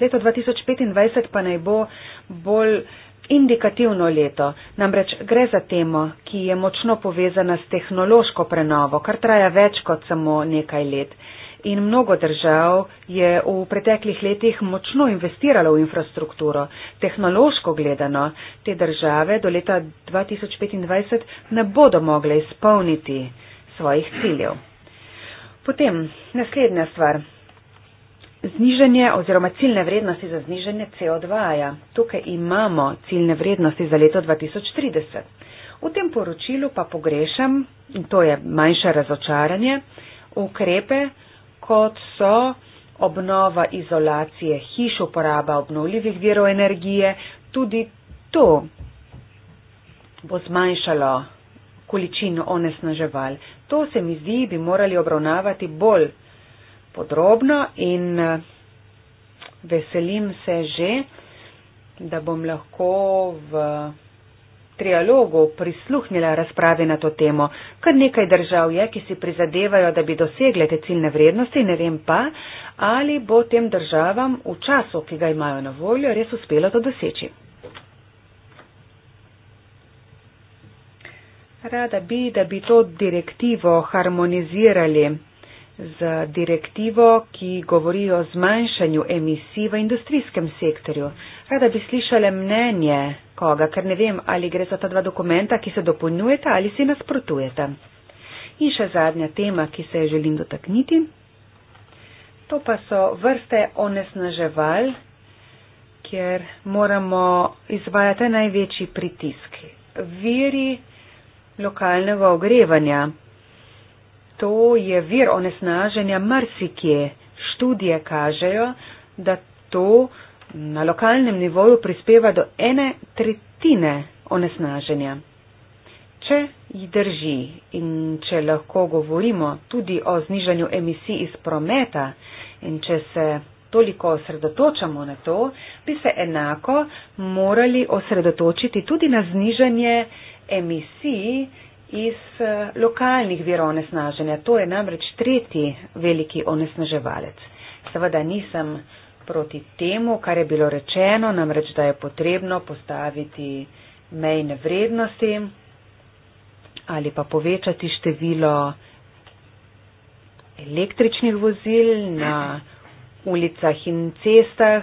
Leto 2025 pa naj bo bolj indikativno leto. Namreč gre za temo, ki je močno povezana s tehnološko prenovo, kar traja več kot samo nekaj let. In mnogo držav je v preteklih letih močno investiralo v infrastrukturo. Tehnološko gledano, te države do leta 2025 ne bodo mogle izpolniti svojih ciljev. Potem naslednja stvar. Zniženje oziroma ciljne vrednosti za zniženje CO2. -ja. Tukaj imamo ciljne vrednosti za leto 2030. V tem poročilu pa pogrešam, in to je manjše razočaranje, ukrepe, kot so obnova izolacije hiš, uporaba obnovljivih virov energije. Tudi to bo zmanjšalo količino onesnaževal. To se mi zdi, bi morali obravnavati bolj podrobno in eh, veselim se že, da bom lahko v trialogu prisluhnila razprave na to temo. Kar nekaj držav je, ki si prizadevajo, da bi dosegle te ciljne vrednosti, ne vem pa, ali bo tem državam v času, ki ga imajo na voljo, res uspelo to doseči. Rada bi, da bi to direktivo harmonizirali z direktivo, ki govori o zmanjšanju emisij v industrijskem sektorju. Rada bi slišala mnenje koga, ker ne vem, ali gre za ta dva dokumenta, ki se dopolnjujeta ali si nasprotujeta. In še zadnja tema, ki se je želim dotakniti, to pa so vrste onesnaževal, kjer moramo izvajati največji pritisk. Viri lokalnega ogrevanja. To je vir onesnaženja marsikje. Študije kažejo, da to na lokalnem nivoju prispeva do ene tretjine onesnaženja. Če jih drži in če lahko govorimo tudi o znižanju emisij iz prometa in če se toliko osredotočamo na to, bi se enako morali osredotočiti tudi na znižanje emisij iz eh, lokalnih virov onesnaženja. To je namreč tretji veliki onesnaževalec. Seveda nisem proti temu, kar je bilo rečeno, namreč da je potrebno postaviti mejne vrednosti ali pa povečati število električnih vozil na ulicah in cestah,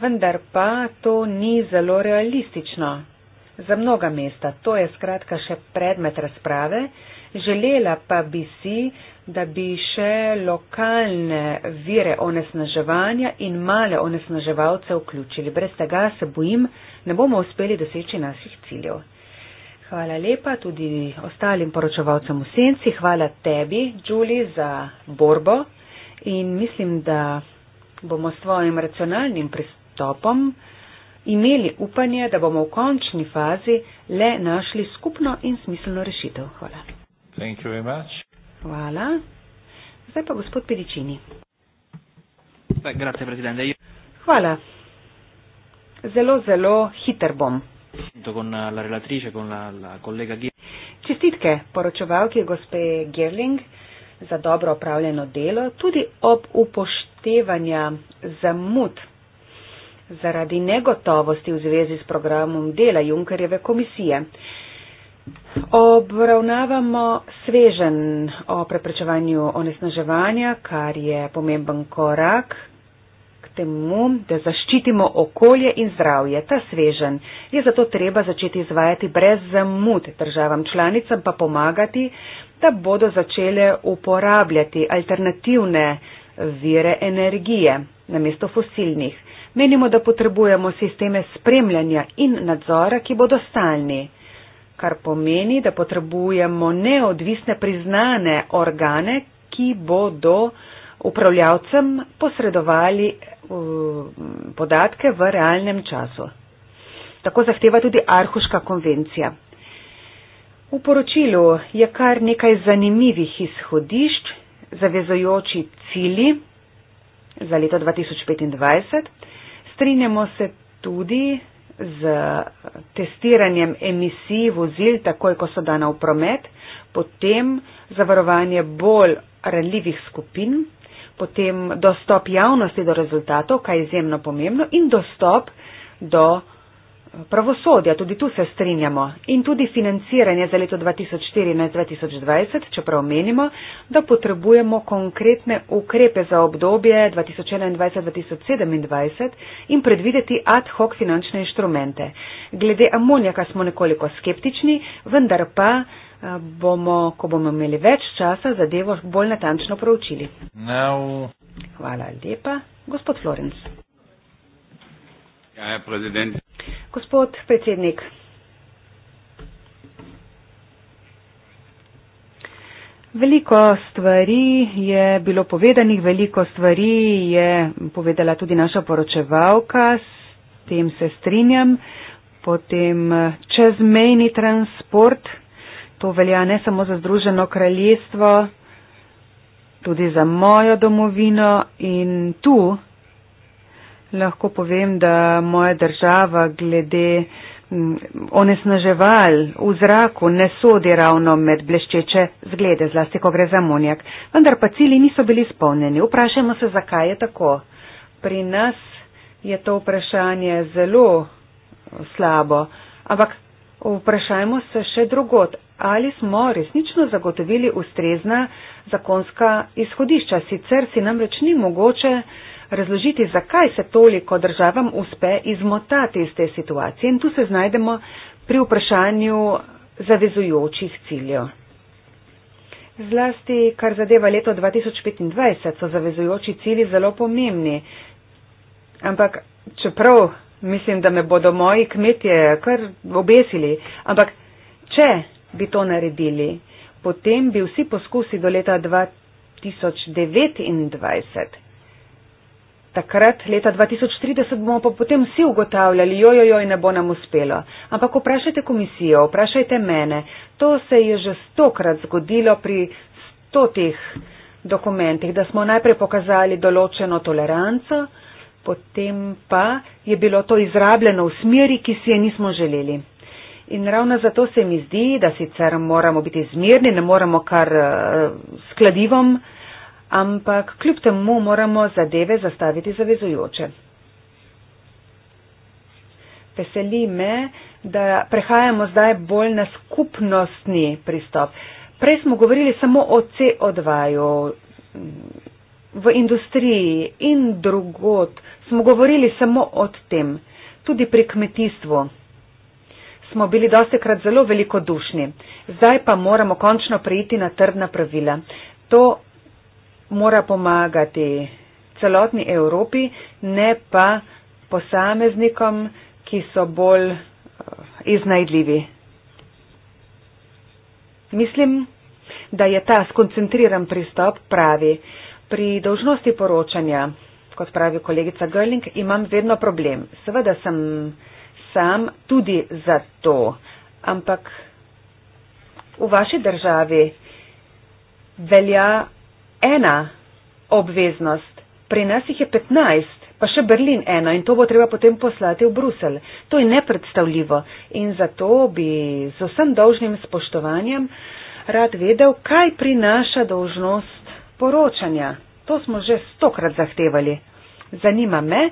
vendar pa to ni zelo realistično za mnoga mesta. To je skratka še predmet razprave. Želela pa bi si, da bi še lokalne vire onesnaževanja in male onesnaževalce vključili. Brez tega se bojim, ne bomo uspeli doseči naših ciljev. Hvala lepa tudi ostalim poročevalcem v senci, hvala tebi, Julie, za borbo in mislim, da bomo s tvojim racionalnim pristopom imeli upanje, da bomo v končni fazi le našli skupno in smiselno rešitev. Hvala. Hvala. Zdaj pa gospod Pedičini. Hvala. Zelo, zelo hiter bom. Čestitke poročevalki gospe Gerling za dobro opravljeno delo, tudi ob upoštevanja zamud zaradi negotovosti v zvezi s programom dela Junkerjeve komisije. Obravnavamo svežen o preprečevanju onesnaževanja, kar je pomemben korak k temu, da zaščitimo okolje in zdravje. Ta svežen je zato treba začeti izvajati brez zamud državam članicam pa pomagati, da bodo začele uporabljati alternativne vire energije namesto fosilnih menimo, da potrebujemo sisteme spremljanja in nadzora, ki bodo stalni, kar pomeni, da potrebujemo neodvisne priznane organe, ki bodo upravljavcem posredovali eh, podatke v realnem času. Tako zahteva tudi Arhuška konvencija. V poročilu je kar nekaj zanimivih izhodišč, zavezojoči cili za leto 2025, strinjamo se tudi z testiranjem emisij vozil, takoj ko so dana v promet, potem zavarovanje bolj ranljivih skupin, potem dostop javnosti do rezultatov, kaj je izjemno pomembno, in dostop do pravosodja, tudi tu se strinjamo. In tudi financiranje za leto 2014-2020, čeprav menimo, da potrebujemo konkretne ukrepe za obdobje 2021-2027 in predvideti ad hoc finančne inštrumente. Glede amonjaka smo nekoliko skeptični, vendar pa eh, bomo, ko bomo imeli več časa, zadevo bolj natančno proučili. Now. Hvala lepa, gospod Florenc. Ja, ja predsednik. Gospod predsednik. Veliko stvari je bilo povedanih, veliko stvari je povedala tudi naša poročevalka, s tem se strinjam. Potem eh, čezmejni transport, to velja ne samo za Združeno kraljestvo, tudi za mojo domovino in tu lahko povem, da moja država glede mm, onesnaževal v zraku ne sodi ravno med bleščeče zglede, zlasti ko gre za monjak. Vendar pa cili niso bili spolnjeni. Vprašajmo se, zakaj je tako. Pri nas je to vprašanje zelo slabo, ampak vprašajmo se še drugot, ali smo resnično zagotovili ustrezna zakonska izhodišča. Sicer si namreč ni mogoče razložiti, zakaj se toliko državam uspe izmotati iz te situacije. In tu se znajdemo pri vprašanju zavezujočih ciljev. Zlasti, kar zadeva leto 2025, so zavezujoči cilji zelo pomembni. Ampak, čeprav mislim, da me bodo moji kmetje kar obesili, ampak če bi to naredili, potem bi vsi poskusi do leta 2025 2029 takrat, leta 2030, bomo pa potem vsi ugotavljali, jojo, jojo, ne bo nam uspelo. Ampak vprašajte komisijo, vprašajte mene. To se je že stokrat zgodilo pri stotih dokumentih, da smo najprej pokazali določeno toleranco, potem pa je bilo to izrabljeno v smeri, ki si je nismo želeli. In ravno zato se mi zdi, da sicer moramo biti zmirni, ne moramo kar uh, eh, skladivom uh, ampak kljub temu moramo zadeve zastaviti zavezujoče. Veseli me, da prehajamo zdaj bolj na skupnostni pristop. Prej smo govorili samo o CO2-ju v industriji in drugot. Smo govorili samo o tem, tudi pri kmetijstvu. Smo bili dosti krat zelo velikodušni. Zdaj pa moramo končno prejiti na trdna pravila. To mora pomagati celotni Evropi, ne pa posameznikom, ki so bolj eh, iznajdljivi. Mislim, da je ta skoncentriran pristop pravi. Pri dožnosti poročanja, kot pravi kolegica Görling, imam vedno problem. Seveda sem sam tudi za to, ampak v vaši državi velja ena obveznost, pri nas jih je 15, pa še Berlin ena in to bo treba potem poslati v Brusel. To je nepredstavljivo in zato bi z vsem dolžnim spoštovanjem rad vedel, kaj prinaša dolžnost poročanja. To smo že stokrat zahtevali. Zanima me,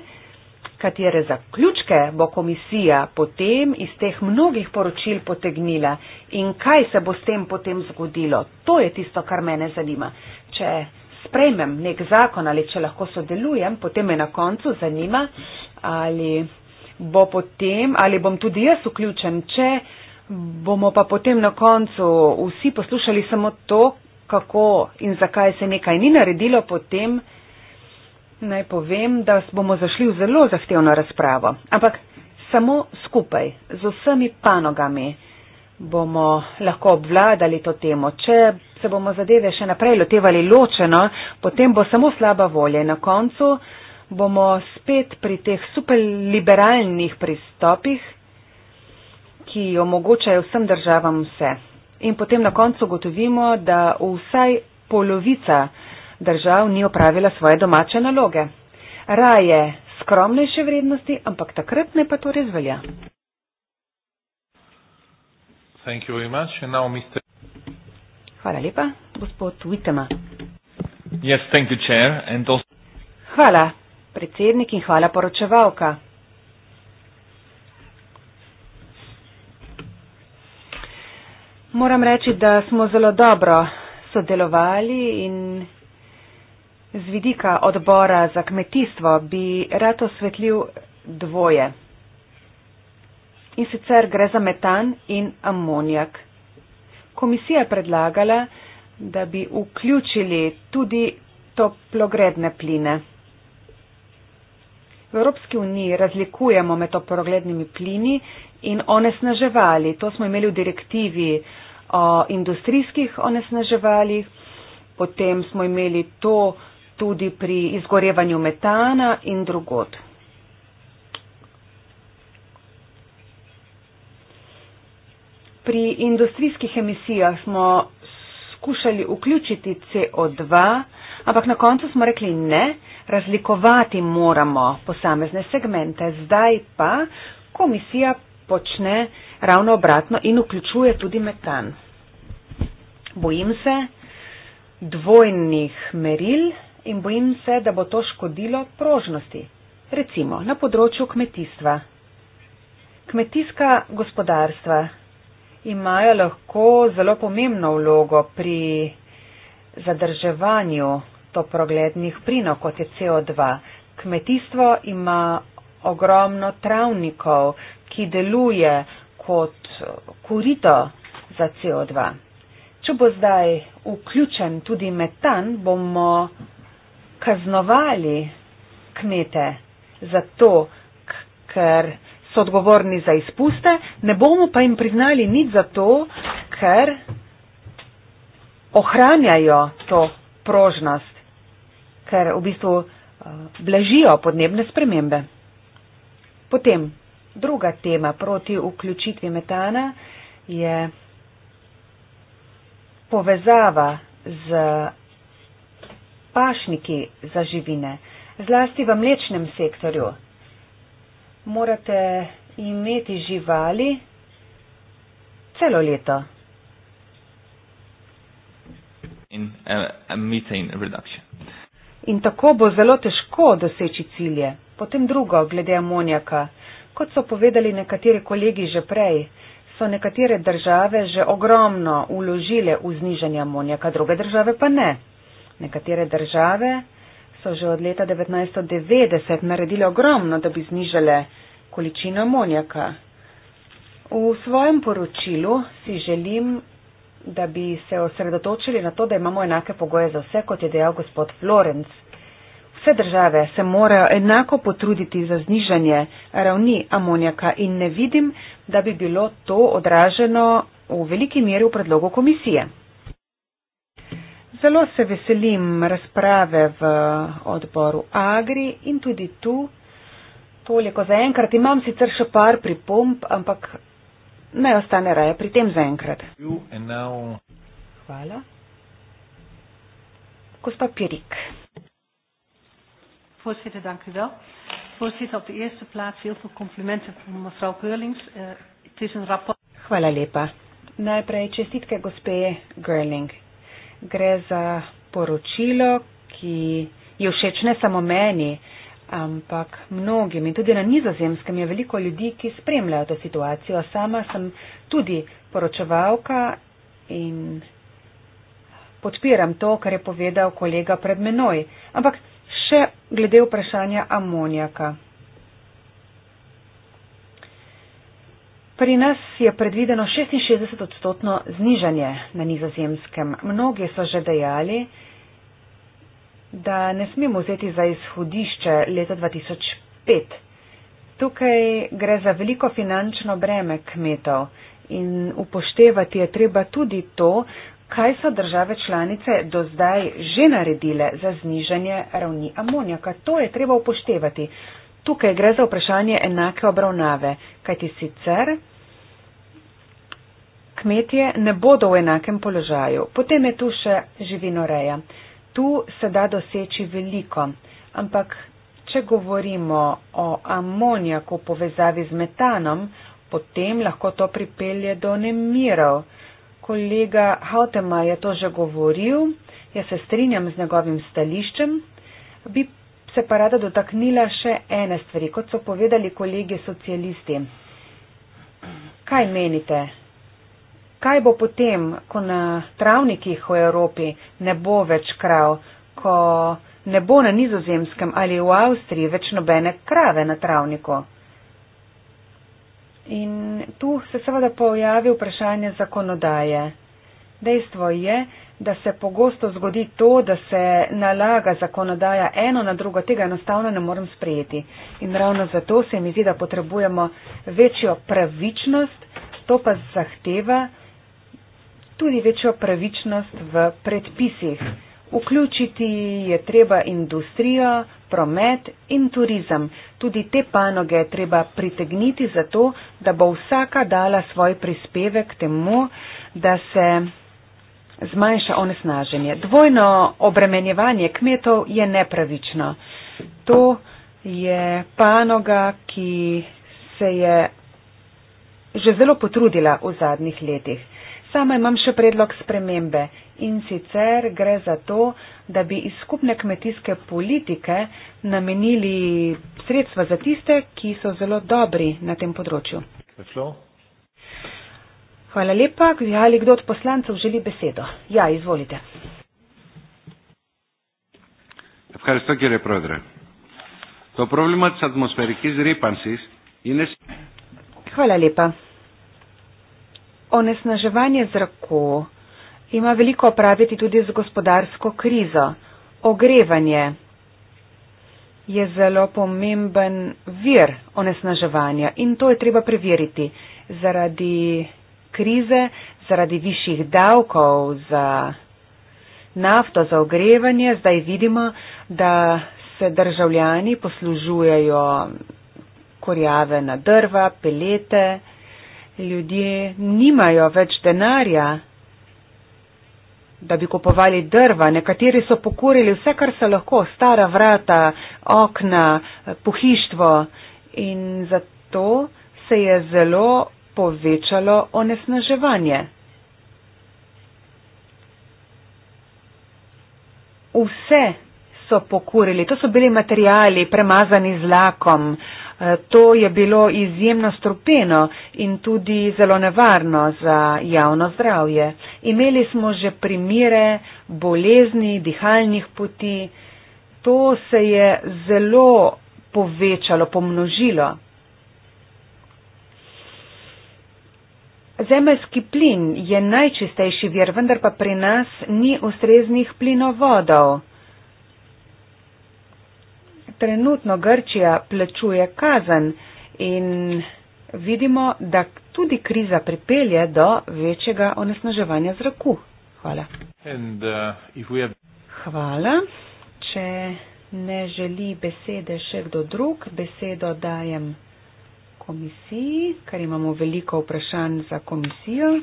katere zaključke bo komisija potem iz teh mnogih poročil potegnila in kaj se bo s tem potem zgodilo. To je tisto, kar mene zanima. Če sprejmem nek zakon ali če lahko sodelujem, potem me na koncu zanima, ali, bo potem, ali bom tudi jaz vključen, če bomo pa potem na koncu vsi poslušali samo to, kako in zakaj se nekaj ni naredilo potem. Naj povem, da bomo zašli v zelo zahtevno razpravo, ampak samo skupaj z vsemi panogami bomo lahko obvladali to temo. Če se bomo zadeve še naprej lotevali ločeno, potem bo samo slaba volja. Na koncu bomo spet pri teh superliberalnih pristopih, ki omogočajo vsem državam vse. In potem na koncu gotovimo, da vsaj polovica držav ni opravila svoje domače naloge. Raje skromnejše vrednosti, ampak takrat ne pa to res velja. Hvala lepa, gospod Witema. Yes, also... Hvala, predsednik in hvala poročevalka. Moram reči, da smo zelo dobro sodelovali in Z vidika odbora za kmetijstvo bi rad osvetljil dvoje. In sicer gre za metan in amonijak. Komisija je predlagala, da bi vključili tudi toplogredne pline. V Evropski uniji razlikujemo med toplogrednimi plini in onesnaževali. To smo imeli v direktivi o industrijskih onesnaževalih, potem smo imeli to tudi pri izgorevanju metana in drugod. Pri industrijskih emisijah smo skušali vključiti CO2, ampak na koncu smo rekli ne, razlikovati moramo posamezne segmente. Zdaj pa komisija počne ravno obratno in vključuje tudi metan. Bojim se dvojnih meril in bojim se, da bo to škodilo prožnosti, recimo na področju kmetijstva. Kmetijska gospodarstva imajo lahko zelo pomembno vlogo pri zadrževanju toprogletnih plinov, kot je CO2. Kmetijstvo ima ogromno travnikov, ki deluje kot kurito za CO2. Če bo zdaj vključen tudi metan, bomo kaznovali kmete za to, ker so odgovorni za izpuste, ne bomo pa jim priznali nič za to, ker ohranjajo to prožnost, ker v bistvu eh, blažijo podnebne spremembe. Potem druga tema proti vključitvi metana je povezava z pašniki za živine, zlasti v mlečnem sektorju. Morate imeti živali celo leto. In, uh, In tako bo zelo težko doseči cilje. Potem drugo, glede amonjaka. Kot so povedali nekateri kolegi že prej, so nekatere države že ogromno uložile v znižanje amonjaka, druge države pa ne. Nekatere države so že od leta 1990 naredile ogromno, da bi znižale količino amonjaka. V svojem poročilu si želim, da bi se osredotočili na to, da imamo enake pogoje za vse, kot je dejal gospod Florenc. Vse države se morajo enako potruditi za znižanje ravni amonjaka in ne vidim, da bi bilo to odraženo v veliki meri v predlogu komisije. Zelo se veselim razprave v odboru Agri in tudi tu. Toliko za enkrat. Imam sicer še par pripomp, ampak naj ostane raje pri tem za enkrat. Hvala. Gospa Pirik. Voorzitter, dank u wel. Voorzitter, op de eerste plaats heel veel complimenten voor mevrouw Geurlings. Uh, het is een rapport. Hvala lepa. Najprej čestitke gospe Geurling gre za poročilo, ki je všeč ne samo meni, ampak mnogim. In tudi na nizozemskem je veliko ljudi, ki spremljajo to situacijo. Sama sem tudi poročevalka in podpiram to, kar je povedal kolega pred menoj. Ampak še glede vprašanja amonijaka. Pri nas je predvideno 66 odstotno znižanje na nizozemskem. Mnogi so že dejali, da ne smemo vzeti za izhodišče leta 2005. Tukaj gre za veliko finančno breme kmetov in upoštevati je treba tudi to, kaj so države članice do zdaj že naredile za znižanje ravni amonjaka. To je treba upoštevati tukaj gre za vprašanje enake obravnave, kajti sicer kmetje ne bodo v enakem položaju. Potem je tu še živinoreja. Tu se da doseči veliko, ampak če govorimo o amonijaku v povezavi z metanom, potem lahko to pripelje do nemirov. Kolega Hautema je to že govoril, jaz se strinjam z njegovim stališčem, bi se pa rada dotaknila še ene stvari, kot so povedali kolegi socialisti. Kaj menite? Kaj bo potem, ko na travnikih v Evropi ne bo več krav, ko ne bo na nizozemskem ali v Avstriji več nobene krave na travniku? In tu se seveda pojavi vprašanje zakonodaje. Dejstvo je, da se pogosto zgodi to, da se nalaga zakonodaja eno na drugo, tega enostavno ne morem sprejeti. In ravno zato se mi zdi, da potrebujemo večjo pravičnost, to pa zahteva tudi večjo pravičnost v predpisih. Vključiti je treba industrijo, promet in turizem. Tudi te panoge je treba pritegniti zato, da bo vsaka dala svoj prispevek temu, da se zmanjša onesnaženje. Dvojno obremenjevanje kmetov je nepravično. To je panoga, ki se je že zelo potrudila v zadnjih letih. Sama imam še predlog spremembe in sicer gre za to, da bi iz skupne kmetijske politike namenili sredstva za tiste, ki so zelo dobri na tem področju. Hello. Hvala lepa. Ali kdo od poslancev želi besedo? Ja, izvolite. Hvala lepa. Onesnaževanje zraku ima veliko opraviti tudi z gospodarsko krizo. Ogrevanje je zelo pomemben vir onesnaževanja in to je treba preveriti zaradi krize, zaradi višjih davkov za nafto, za ogrevanje, zdaj vidimo, da se državljani poslužujejo korjave na drva, pelete, ljudje nimajo več denarja, da bi kupovali drva, nekateri so pokurili vse, kar se lahko, stara vrata, okna, pohištvo in zato se je zelo povečalo onesnaževanje. Vse so pokurili, to so bili materijali premazani z lakom, eh, to je bilo izjemno strupeno in tudi zelo nevarno za javno zdravje. Imeli smo že primire bolezni, dihalnih poti, to se je zelo povečalo, pomnožilo. Zemeljski plin je najčistejši vir, vendar pa pri nas ni ustreznih plinovodov. Trenutno Grčija plačuje kazen in vidimo, da tudi kriza pripelje do večjega onesnaževanja zraku. Hvala. And, uh, have... Hvala. Če ne želi besede še kdo drug, besedo dajem komisiji, ker imamo veliko vprašanj za komisijo.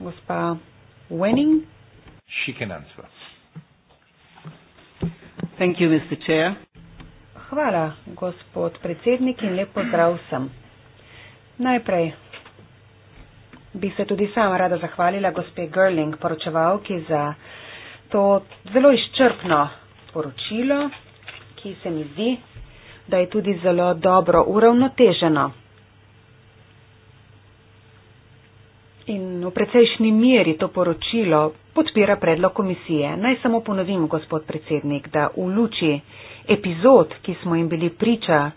Gospa Wenning. She can answer. Thank you, Mr. Chair. Hvala, gospod predsednik in lep pozdrav vsem. Najprej bi se tudi sama rada zahvalila gospe Gerling, poročevalki, za to zelo izčrpno poročilo, ki se mi zdi, da je tudi zelo dobro uravnoteženo. In v precejšnji meri to poročilo podpira predlog komisije. Naj samo ponovim, gospod predsednik, da v luči epizod, ki smo jim bili priča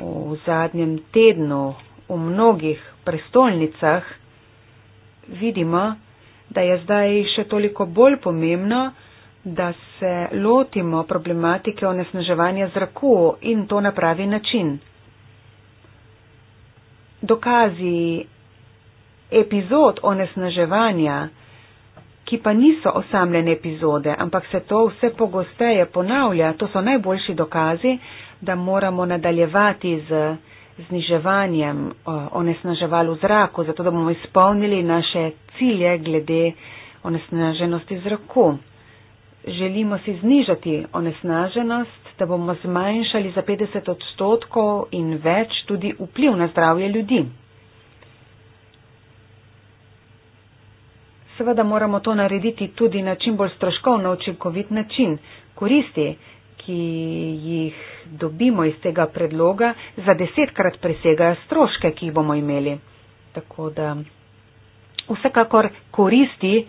v zadnjem tednu v mnogih prestolnicah, vidimo, da je zdaj še toliko bolj pomembno, da se lotimo problematike onesnaževanja zraku in to na pravi način. Dokazi epizod onesnaževanja, ki pa niso osamljene epizode, ampak se to vse pogosteje ponavlja, to so najboljši dokazi, da moramo nadaljevati z zniževanjem onesnaževal v zraku, zato da bomo izpolnili naše cilje glede onesnaženosti zraku. Želimo si znižati onesnaženost, da bomo zmanjšali za 50 odstotkov in več tudi vpliv na zdravje ljudi. Seveda moramo to narediti tudi na čim bolj stroškovno učinkovit način. Koristi, ki jih dobimo iz tega predloga, za desetkrat presegajo stroške, ki jih bomo imeli. Tako da vsekakor koristi,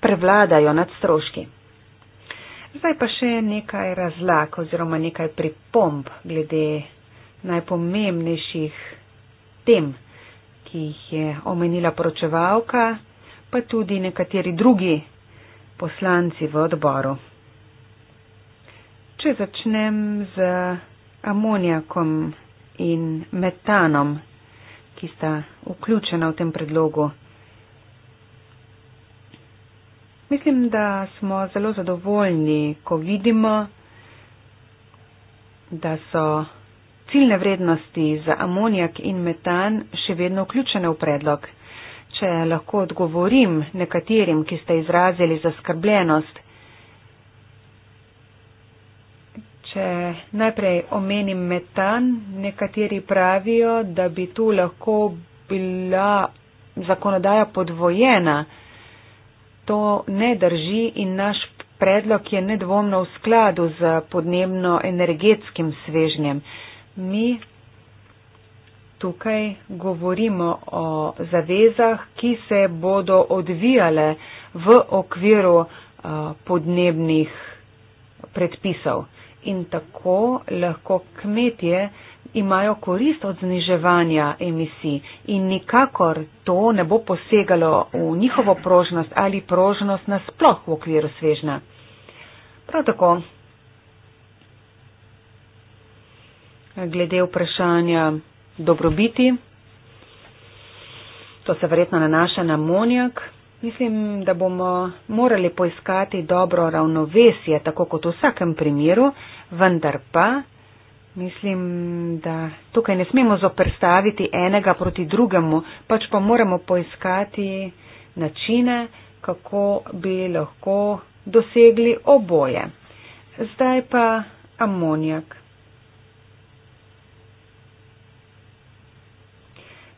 prevladajo nad stroški. Zdaj pa še nekaj razlag oziroma nekaj pripomb glede najpomembnejših tem, ki jih je omenila poročevalka, pa tudi nekateri drugi poslanci v odboru. Če začnem z amonijakom in metanom, ki sta vključena v tem predlogu, Mislim, da smo zelo zadovoljni, ko vidimo, da so ciljne vrednosti za amonijak in metan še vedno vključene v predlog. Če lahko odgovorim nekaterim, ki ste izrazili zaskrbljenost, če najprej omenim metan, nekateri pravijo, da bi tu lahko bila zakonodaja podvojena to ne drži in naš predlog je nedvomno v skladu z podnebno-energetskim svežnjem. Mi tukaj govorimo o zavezah, ki se bodo odvijale v okviru eh, podnebnih predpisov. In tako lahko kmetje imajo korist od zniževanja emisij in nikakor to ne bo posegalo v njihovo prožnost ali prožnost nasploh v okviru svežna. Prav tako, glede vprašanja dobrobiti, to se verjetno nanaša na monjak, mislim, da bomo morali poiskati dobro ravnovesje, tako kot v vsakem primeru, vendar pa Mislim, da tukaj ne smemo zoprstaviti enega proti drugemu, pač pa moramo poiskati načine, kako bi lahko dosegli oboje. Zdaj pa amonjak.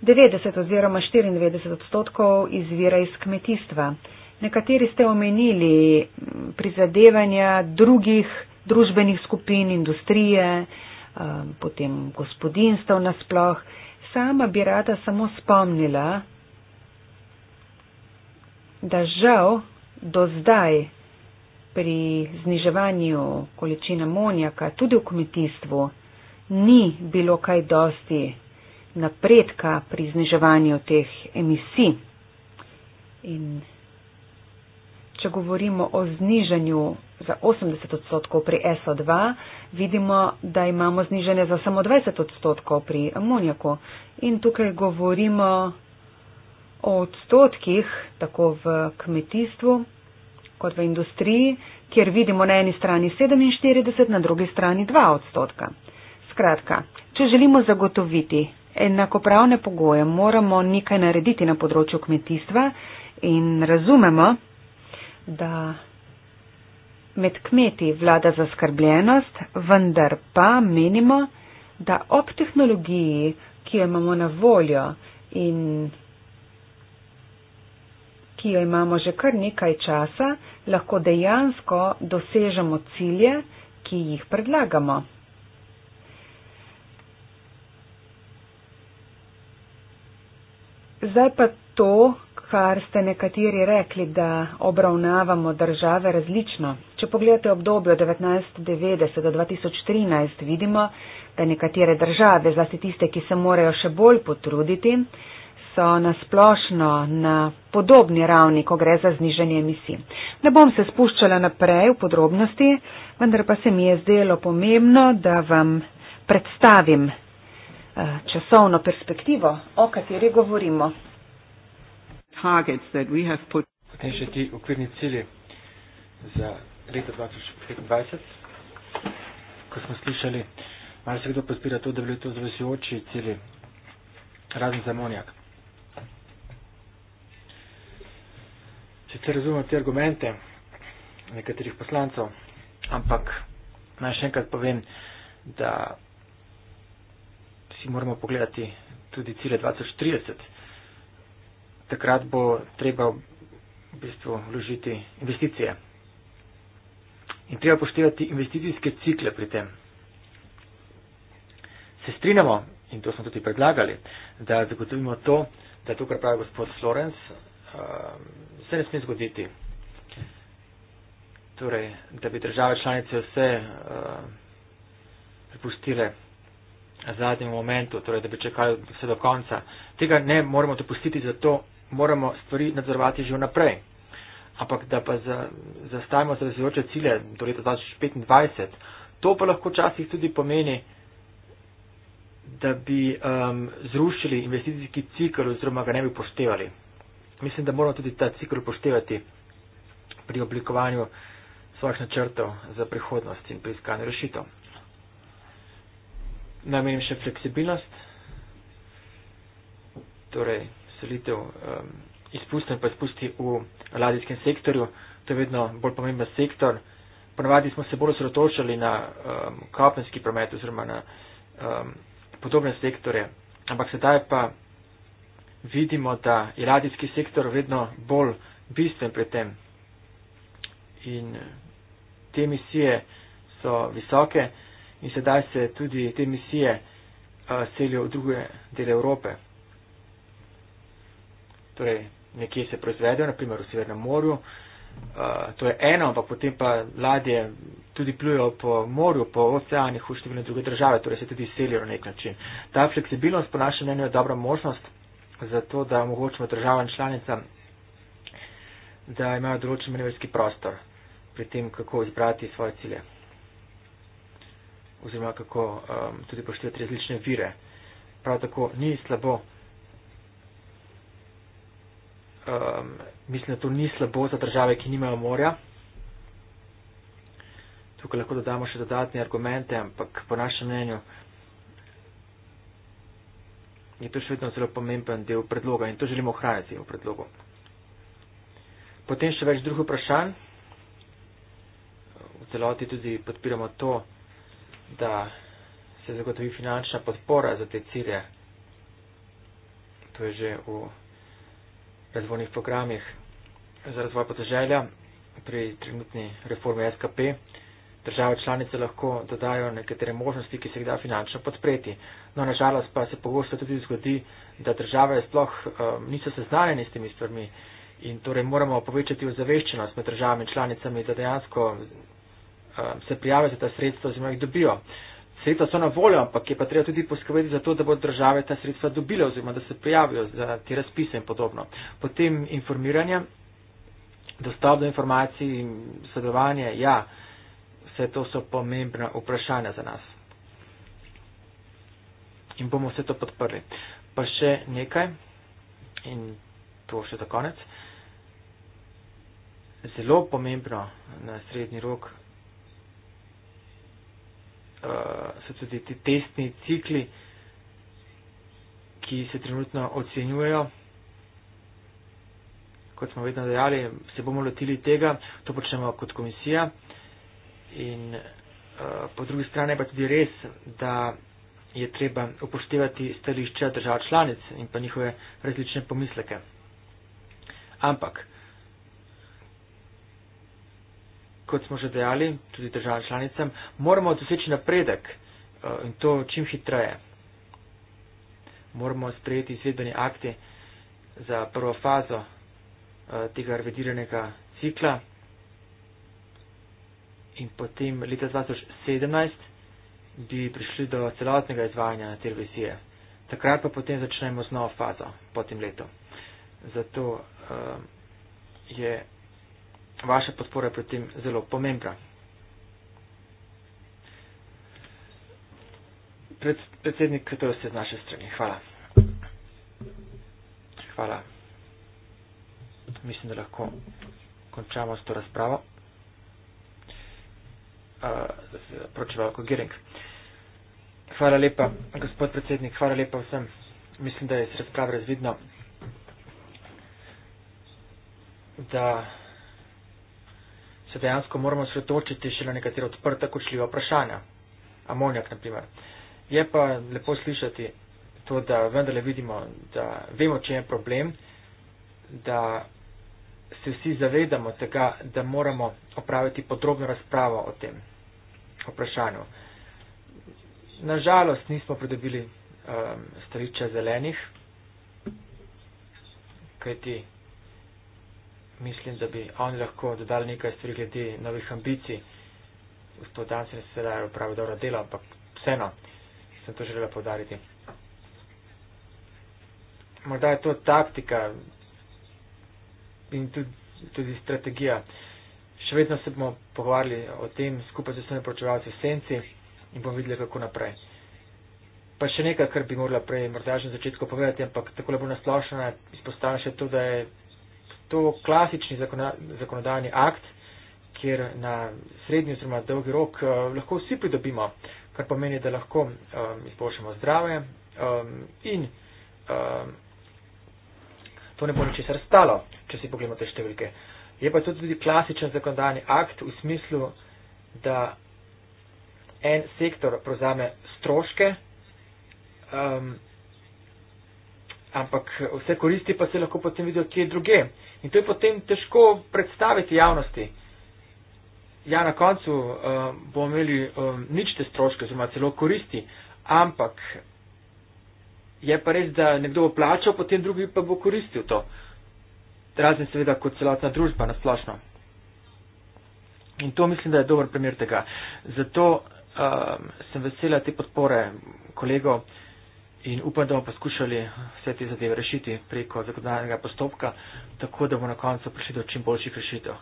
90 oziroma 94 odstotkov izvira iz kmetijstva. Nekateri ste omenili prizadevanja drugih družbenih skupin, industrije, Um, potem gospodinstv nasploh. Sama bi rada samo spomnila, da žal do zdaj pri zniževanju količina monjaka tudi v kmetijstvu ni bilo kaj dosti napredka pri zniževanju teh emisij. In če govorimo o znižanju za 80 odstotkov pri SO2, vidimo, da imamo znižanje za samo 20 odstotkov pri amonjaku. In tukaj govorimo o odstotkih, tako v kmetijstvu kot v industriji, kjer vidimo na eni strani 47, na drugi strani 2 odstotka. Skratka, če želimo zagotoviti enakopravne pogoje, moramo nekaj narediti na področju kmetijstva in razumemo, da med kmeti vlada zaskrbljenost, vendar pa menimo, da ob tehnologiji, ki jo imamo na voljo in ki jo imamo že kar nekaj časa, lahko dejansko dosežemo cilje, ki jih predlagamo. Zdaj pa to, kar ste nekateri rekli, da obravnavamo države različno. Če pogledate obdobje od 1990 do 2013, vidimo, da nekatere države, zlasti tiste, ki se morajo še bolj potruditi, so nasplošno na podobni ravni, ko gre za znižanje emisij. Ne bom se spuščala naprej v podrobnosti, vendar pa se mi je zdelo pomembno, da vam predstavim eh, časovno perspektivo, o kateri govorimo targets that we have put. Potem še ti okvirni cilji za leto 2025. Ko smo slišali, malo se kdo podpira to, da bi bili to zavesujoči cilji, razen za monjak. Če se razumem te argumente nekaterih poslancev, ampak naj še enkrat povem, da si moramo pogledati tudi cilje 2030 takrat bo treba v bistvu vložiti investicije. In treba poštevati investicijske cikle pri tem. Se strinjamo, in to smo tudi predlagali, da zagotovimo to, da je to, kar pravi gospod Florence, um, se ne sme zgoditi. Torej, da bi države članice vse um, pripustile zadnjem momentu, torej, da bi čakali vse do konca. Tega ne moremo dopustiti zato, moramo stvari nadzorovati že vnaprej. Ampak da pa zastavimo za zavezujoče cilje do leta 2025, to pa lahko včasih tudi pomeni, da bi um, zrušili investicijski cikl oziroma ga ne bi poštevali. Mislim, da moramo tudi ta cikl poštevati pri oblikovanju svojih načrtov za prihodnost in pri iskanju rešitev. Namenim še fleksibilnost. Torej, selitev izpustov in pa izpusti v ladijskem sektorju. To je vedno bolj pomemben sektor. Ponavadi smo se bolj osredotočali na um, kapenski promet oziroma na um, podobne sektore, ampak sedaj pa vidimo, da je ladijski sektor vedno bolj bistven pri tem. In te misije so visoke in sedaj se tudi te misije uh, selijo v druge dele Evrope torej nekje se proizvedejo, naprimer v Severnem morju. Uh, to je eno, ampak potem pa ladje tudi plujejo po morju, po oceanih v številne druge države, torej se tudi selijo na nek način. Ta fleksibilnost po našem mnenju je dobra možnost za to, da omogočimo državam članicam, da imajo določen manevrski prostor pri tem, kako izbrati svoje cilje oziroma kako um, tudi poštevati različne vire. Prav tako ni slabo um, mislim, da to ni slabo za države, ki nimajo morja. Tukaj lahko dodamo še dodatne argumente, ampak po našem mnenju je to še vedno zelo pomemben del predloga in to želimo ohraniti v predlogu. Potem še več drugih vprašanj. V celoti tudi podpiramo to, da se zagotovi finančna podpora za te cilje. To je že v razvojnih programih za razvoj podeželja pri trenutni reformi SKP. Države članice lahko dodajo nekatere možnosti, ki se jih da finančno podpreti. No, nažalost pa se pogosto tudi zgodi, da države sploh um, niso seznanjene s temi stvarmi in torej moramo povečati ozaveščenost med državami članicami, da dejansko um, se prijavijo za ta sredstva oziroma jih dobijo. Uh, sredstva so na voljo, ampak je pa treba tudi poskrbeti za to, da bodo države ta sredstva dobile oziroma da se prijavijo za te razpise in podobno. Potem informiranje, dostop do informacij in sodelovanje, ja, vse to so pomembna vprašanja za nas. In bomo vse to podprli. Pa še nekaj in to še za konec. Zelo pomembno na srednji rok Eh, so tudi ti testni cikli, ki se trenutno ocenjujejo. Kot smo vedno dejali, se bomo lotili tega, to počnemo kot komisija. In eh, po drugi strani pa tudi res, da je treba upoštevati stališča držav članic in pa njihove različne pomisleke. Ampak kot smo že dejali, tudi državam članicam, moramo doseči napredek eh, in to čim hitreje. Moramo sprejeti izvedbeni akti za prvo fazo eh, tega revidiranega cikla in potem leta 2017 bi prišli do celotnega izvajanja te revizije. Takrat pa potem začnemo z novo fazo po tem letu. Zato um, je vaša podpora je pri tem zelo pomembna. Pred, predsednik, to je vse z naše strani. Hvala. Hvala. Mislim, da lahko končamo s to razpravo. Uh, hvala lepa, gospod predsednik, hvala lepa vsem. Mislim, da je iz razprave razvidno, da se dejansko moramo sretočiti še na nekatera odprta, kočljiva vprašanja. Amonjak, na primer. Je pa lepo slišati to, da vendarle vidimo, da vemo, če je problem, da se vsi zavedamo tega, da moramo opraviti podrobno razpravo o tem vprašanju. Nažalost nismo pridobili um, stališča zelenih, kajti mislim, da bi oni lahko dodali nekaj stvari glede novih ambicij. V to dan se ne da pravi dobro delo, ampak vseeno sem to želela podariti. Morda je to taktika in tudi, tudi strategija. Še vedno se bomo pogovarjali o tem skupaj z vsemi pročevalci v senci in bomo videli, kako naprej. Pa še nekaj, kar bi morala prej morda že na začetku povedati, ampak takole bo nasplošno izpostavljeno še to, da je to klasični zakonodajni akt, kjer na srednji oziroma dolgi rok eh, lahko vsi pridobimo, kar pomeni, da lahko um, izboljšamo zdrave um, in um, to ne bo ničesar stalo, če si pogledamo te številke. Je pa to tudi klasičen zakonodajni akt v smislu, da en sektor prozame stroške, um, ampak vse koristi pa se lahko potem vidijo kje druge. In to je potem težko predstaviti javnosti. Ja, na koncu uh, bomo imeli um, nič te stroške, oziroma celo koristi, ampak je pa res, da nekdo bo plačal, potem drugi pa bo koristil to. Razen seveda kot celotna družba nasplošno. In to mislim, da je dober primer tega. Zato um, sem vesela te podpore kolegov, uh, in upam, da bomo poskušali vse te zadeve rešiti preko zakonodajnega postopka, tako da bomo na koncu prišli do čim boljših rešitev.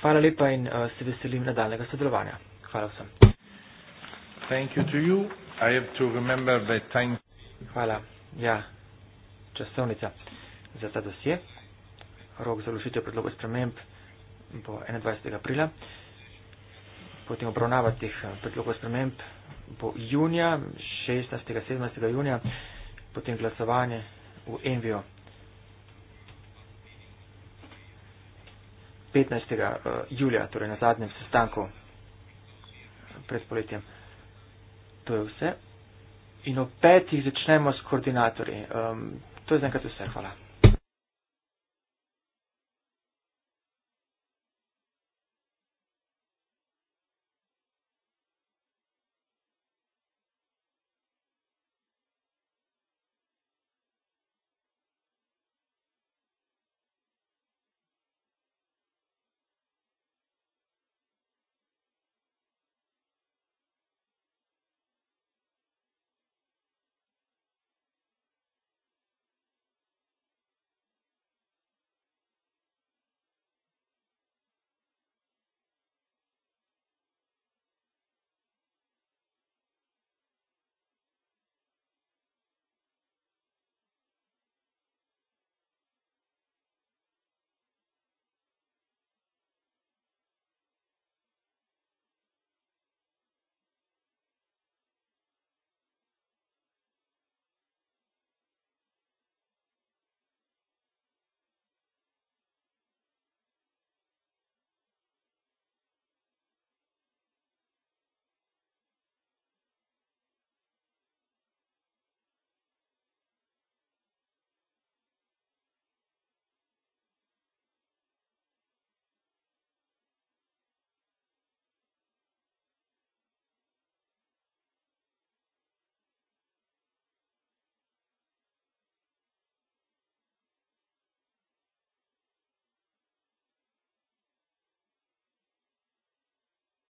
Hvala lepa in uh, se veselim nadaljnega sodelovanja. Hvala vsem. Hvala. Ja, časovnica za ta dosje. Rok za vložitev predloga sprememb bo 21. aprila. Potem obravnava teh eh, predlogov sprememb bo junija, 16. 17. junija, potem glasovanje v Envijo. 15. Eh, julija, torej na zadnjem sestanku pred poletjem. To je vse. In ob petih začnemo s koordinatorji. Um, to je zdaj, kaj se vse. Hvala.